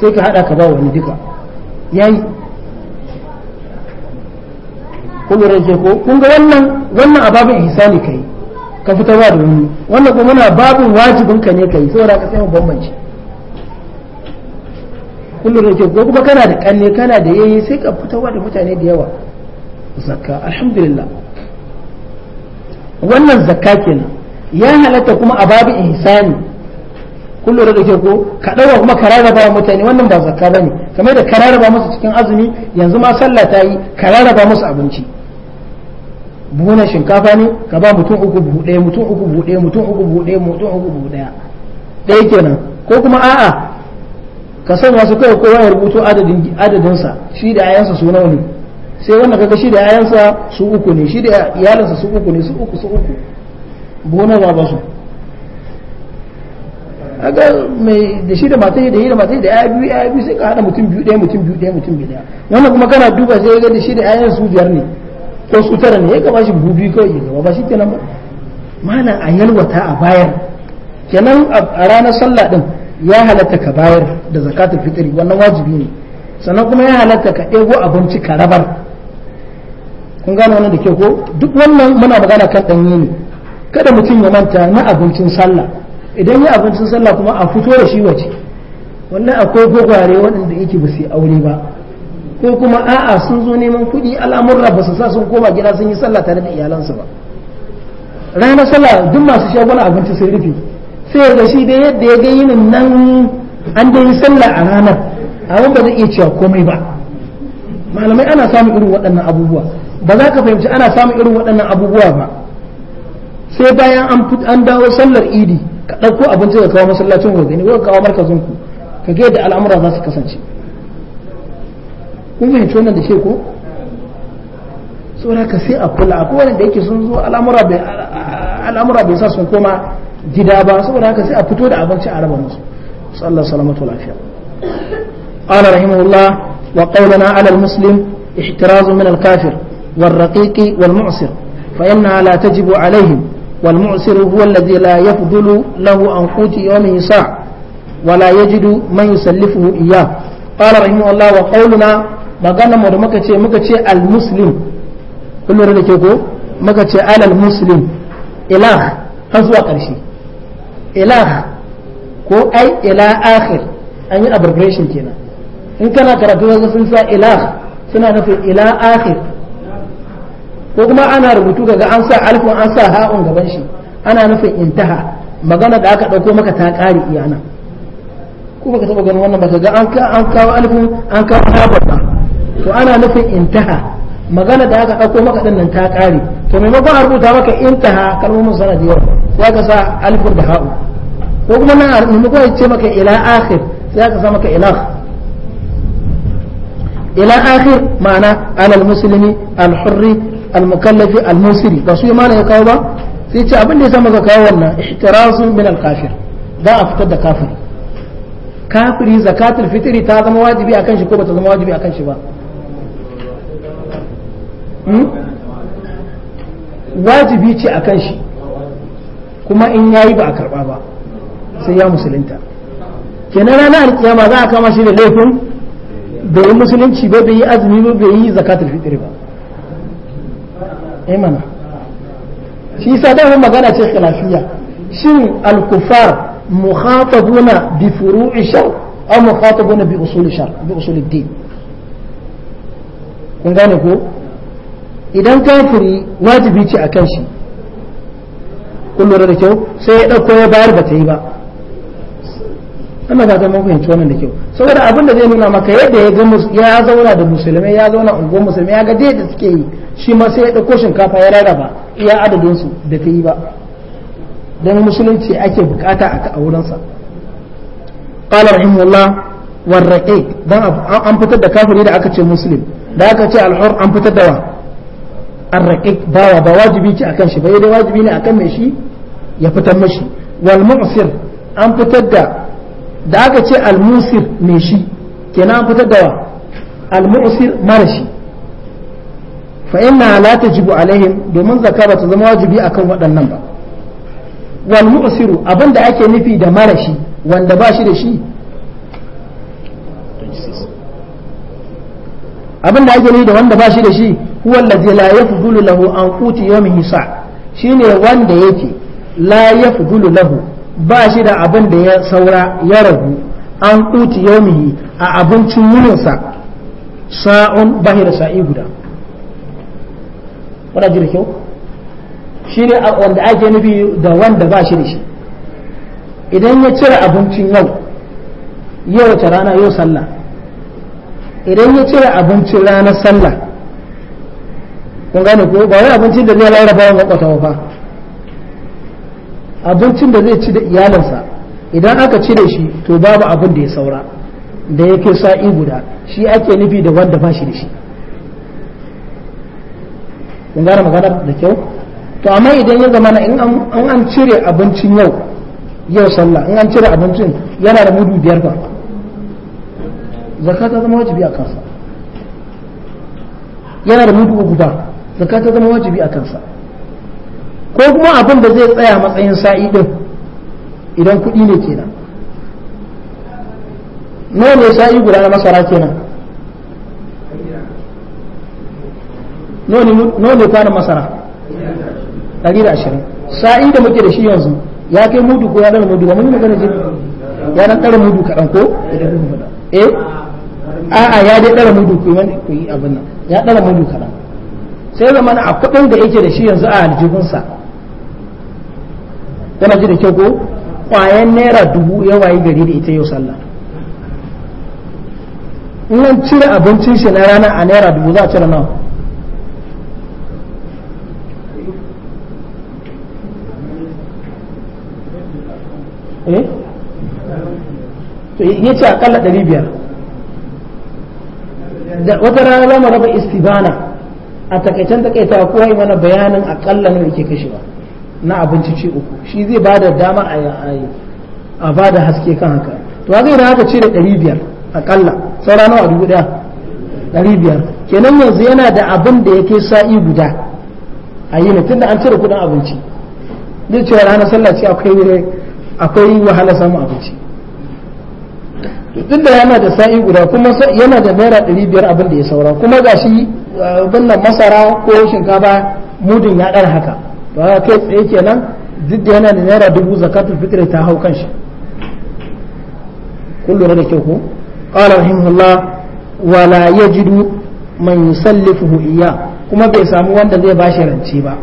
sai ka haɗa ka ba wani duka yayi ko lura ce ko kun ga wannan wannan ababin ihsani kai ka fita ba da wani wannan kuma muna babin wajibin ka ne kai saboda ka sai mu bambance kullum da ko kuma kana da kanne kana da yayi sai ka fitowa da mutane da yawa zakka alhamdulillah wannan zakka kenan ya halatta kuma a babu ihsani kullum da ke ko ka ɗaura kuma ka rarraba mutane wannan ba zakka bane kamar da ka rarraba musu cikin azumi yanzu ma sallah ta yi ka rarraba musu abinci buhunan shinkafa ne ka ba mutum uku buhu ɗaya mutum uku buhu ɗaya mutum uku buhu ɗaya mutum uku buhu ɗaya ɗaya kenan ko kuma a'a ka san wasu kai kowa ya rubuto adadin adadinsa shi da ayansa su nawa ne sai wannan kaga shi da ayansa su uku ne shi da iyalansa su uku ne su uku su uku bonar ba ba su aga mai da shi da matai da yi da matai da ya biyu ya biyu sai ka hada mutum biyu ɗaya mutum biyu ɗaya mutum biyu ɗaya wannan kuma kana duba sai ga da shi da ayansa su biyar ne ko su tara ne ya gaba shi buhu biyu kawai ya gaba ba shi kenan ba malam a yalwata a bayan kenan a ranar sallah din ya halatta ka bayar da zakatul fitri wannan wajibi ne sannan kuma ya halatta ka ɗebo abinci ka rabar kun gano wannan da ke ko duk wannan muna magana kan ɗanye ne kada mutum ya manta na abincin sallah idan ya abincin sallah kuma a fito da shi waje wannan akwai gwagware waɗanda yake ba su aure ba ko kuma a'a sun zo neman kuɗi al'amurra ba su sa sun koma gida sun yi sallah tare da iyalansu ba ranar sallah duk masu shagon abinci sun rufe sai ga shi dai yadda ya ga yinin nan an dai sallah a ranar amma ba zai iya cewa komai ba malamai ana samun irin waɗannan abubuwa ba za ka fahimci ana samun irin waɗannan abubuwa ba sai bayan an dawo sallar idi ka ɗauko abinci ka kawo masallacin wajen gani ko ka kawo markazin ku ka ga yadda al'amura za su kasance kun fahimci wannan da ke ko saboda ka sai a kula akwai wanda da yake sun zo al'amura bai sa sun koma gida ba saboda haka sai a fito da abinci a raba musu sallallahu lafiya qala rahimahullah wa qawlana ala al muslim ihtiraz min al kafir wal raqiq wal mu'sir fa inna la tajibu alayhim wal mu'sir huwa alladhi la yafdulu lahu an quti yawm isa wa la yajidu man yusallifuhu iya qala magana mu da ce al muslim kullu da ke ko ce al muslim ilah har zuwa ƙarshe ilaha ko ai ila akhir an yi abbreviation kenan in kana karatu yanzu sun sa ilah suna nufin ila akhir ko kuma ana rubutu kaga an sa alfun an sa ha'un gaban shi ana nufin intaha magana da aka dauko maka ta kare iyana ko baka taba ganin wannan ba kaga an an kawo alfun an kawo ha'un ba to ana nufin intaha magana da aka dauko maka din nan ta kare to maimakon a rubuta maka intaha kalmomin sana da yawa za ka sa alifur da ha'u ko kuma na maimakon ya ce maka ila akhir sai ka sa maka ila akhir ma'ana alal muslimi al hurri al mukallafi al musiri ba su yi mana ya kawo ba sai ce abin da ya sa maka kawo wannan ihtirasun min al kafir za a fitar da kafir kafiri zakatul fitri ta zama wajibi akan shi ko ba ta zama wajibi akan shi ba hmm? wajibi ce akan shi kuma in yayi ba a karba ba sai ya musulunta kenan ranar alkiyama za a kama shi da laifin da yi musulunci ba bai yi azumi ba bai yi zakatul fitri ba eh mana shi yasa da magana ce khilafiyya shin al-kuffar مخاطبون بفروع الشر bi مخاطبون shar bi بأصول الدين kun gane ko idan kafiri wajibi ce a kan shi kun lura da kyau sai ya ɗauko ya bayar ba ta yi ba Allah ta mun fahimci wannan da kyau saboda abin da zai nuna maka yadda ya ga ya zauna da musulmai ya zauna unguwar musulmai ya ga dai da suke yi shi ma sai ya ɗauko shinkafa ya rarraba iya adadin su da ta yi ba don musulunci ake bukata a wurinsa. sa qala rahimullah warraqiq dan an fitar da kafiri da aka ce muslim da aka ce al an fitar da wa arraqiq bawa ba wajibi ce akan shi ba dai wajibi ne akan mai shi ya fitar mashi wal mu'sir an fitar da da aka ce almusir musir mai shi kenan an fitar da wa al mara shi fa inna la tajibu alaihim domin zakka bata zama wajibi akan waɗannan ba wal mu'siru da ake nufi da mara shi wanda ba shi da shi abin da ake nufi da wanda ba shi da shi huwa la yafdulu lahu an quti yawmi sa shine wanda yake la yafdulu lahu ba shi da abin da ya saura ya ragu an quti yawmi a abincin sa sa'un bahir sa'i guda wanda ji da kyau shine wanda ake nufi da wanda ba shi da shi idan ya cire abincin yau yau ta rana yau sallah idan ya cire abincin ranar sallah kun gane ko ba wai abincin da zai rarraba wa makwata ba abincin da zai ci da iyalinsa idan aka cire shi to babu abin da ya saura da yake sa'i guda shi ake nufi da wanda ba shi da shi kun gane magana da kyau to amma idan ya zama in an cire abincin yau yau sallah in an cire abincin yana da mudu biyar ba zakka ta zama wajibi a kansa yana da mutu uku ba zakka ta zama wajibi a kansa ko kuma abin da zai tsaya matsayin sa'i din idan kuɗi ne kenan na ne sa'i guda na masara kenan nawa ne kwanan masara ɗari da ashirin sa'i da muke da shi yanzu ya kai mudu ko ya ɗara mudu ba mun yi magana jini ya ɗan ɗara mudu kaɗan ko eh a'a ya dai dara mudu ku yi ku yi abin nan ya dara mudu kaɗan sai zaman a kudin da yake da shi yanzu a sa kana ji da kyau ko kwayan naira dubu ya wayi gari da ita yau sallah in cire abincin shi na rana a naira dubu za a cire nawa eh to yace akalla biyar. wata rana za mu raba istibana a takaicen takaita ko yi mana bayanin akalla ne yake kashewa na abinci ce uku shi zai ba da dama a ba da haske kan haka to zai da haka ce da ɗari biyar akalla saura nawa dubu ɗaya ɗari biyar kenan yanzu yana da abin da yake sa'i guda a yi ne tunda an cire kuɗin abinci zai ce ranar sallah ce akwai akwai wahala samun abinci to tunda yana da sa'i guda kuma yana da naira ɗari biyar abin da ya saura kuma ga shi abin masara ko shinkafa mudin ya ɗara haka to kai tsaye kenan duk da yana da naira dubu zakatul fitri ta hau shi kun lura da kyau ko qala rahimahullah wala yajidu man yusallifuhu iya kuma bai samu wanda zai bashi rance ba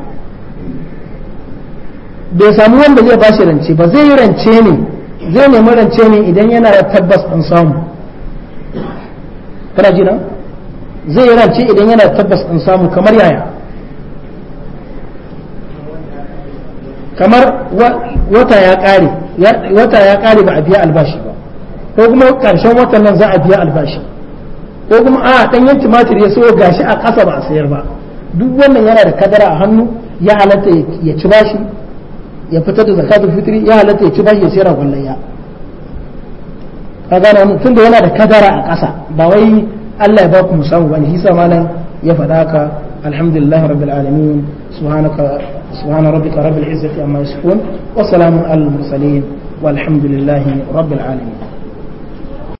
bai samu wanda zai shi rance ba zai yi rance ne zai ne marance ne idan yana da tabbas an samu kana jina zai yi rance idan yana da tabbas an samu kamar yaya kamar wata ya ƙare wata ya ba a biya albashi ba ko kuma ƙarshen watan nan za a biya albashi ko kuma a ɗanyen tumatir ya sayo gashi a ƙasa ba a sayar ba duk wannan yana da kadara a hannu ya alata ya ci bashi ya fitar da zakatul fitri ya halatta ya ci bashi ya sayar a gwallaya ka gane mutum da yana da kadara a ƙasa ba wai Allah ya ba ku musamu bane shi sa malam ya faɗa haka alhamdulillah rabbil alamin subhanaka subhana rabbika rabbil izzati amma yasifun wa salamun alal mursalin والحمد لله رب العالمين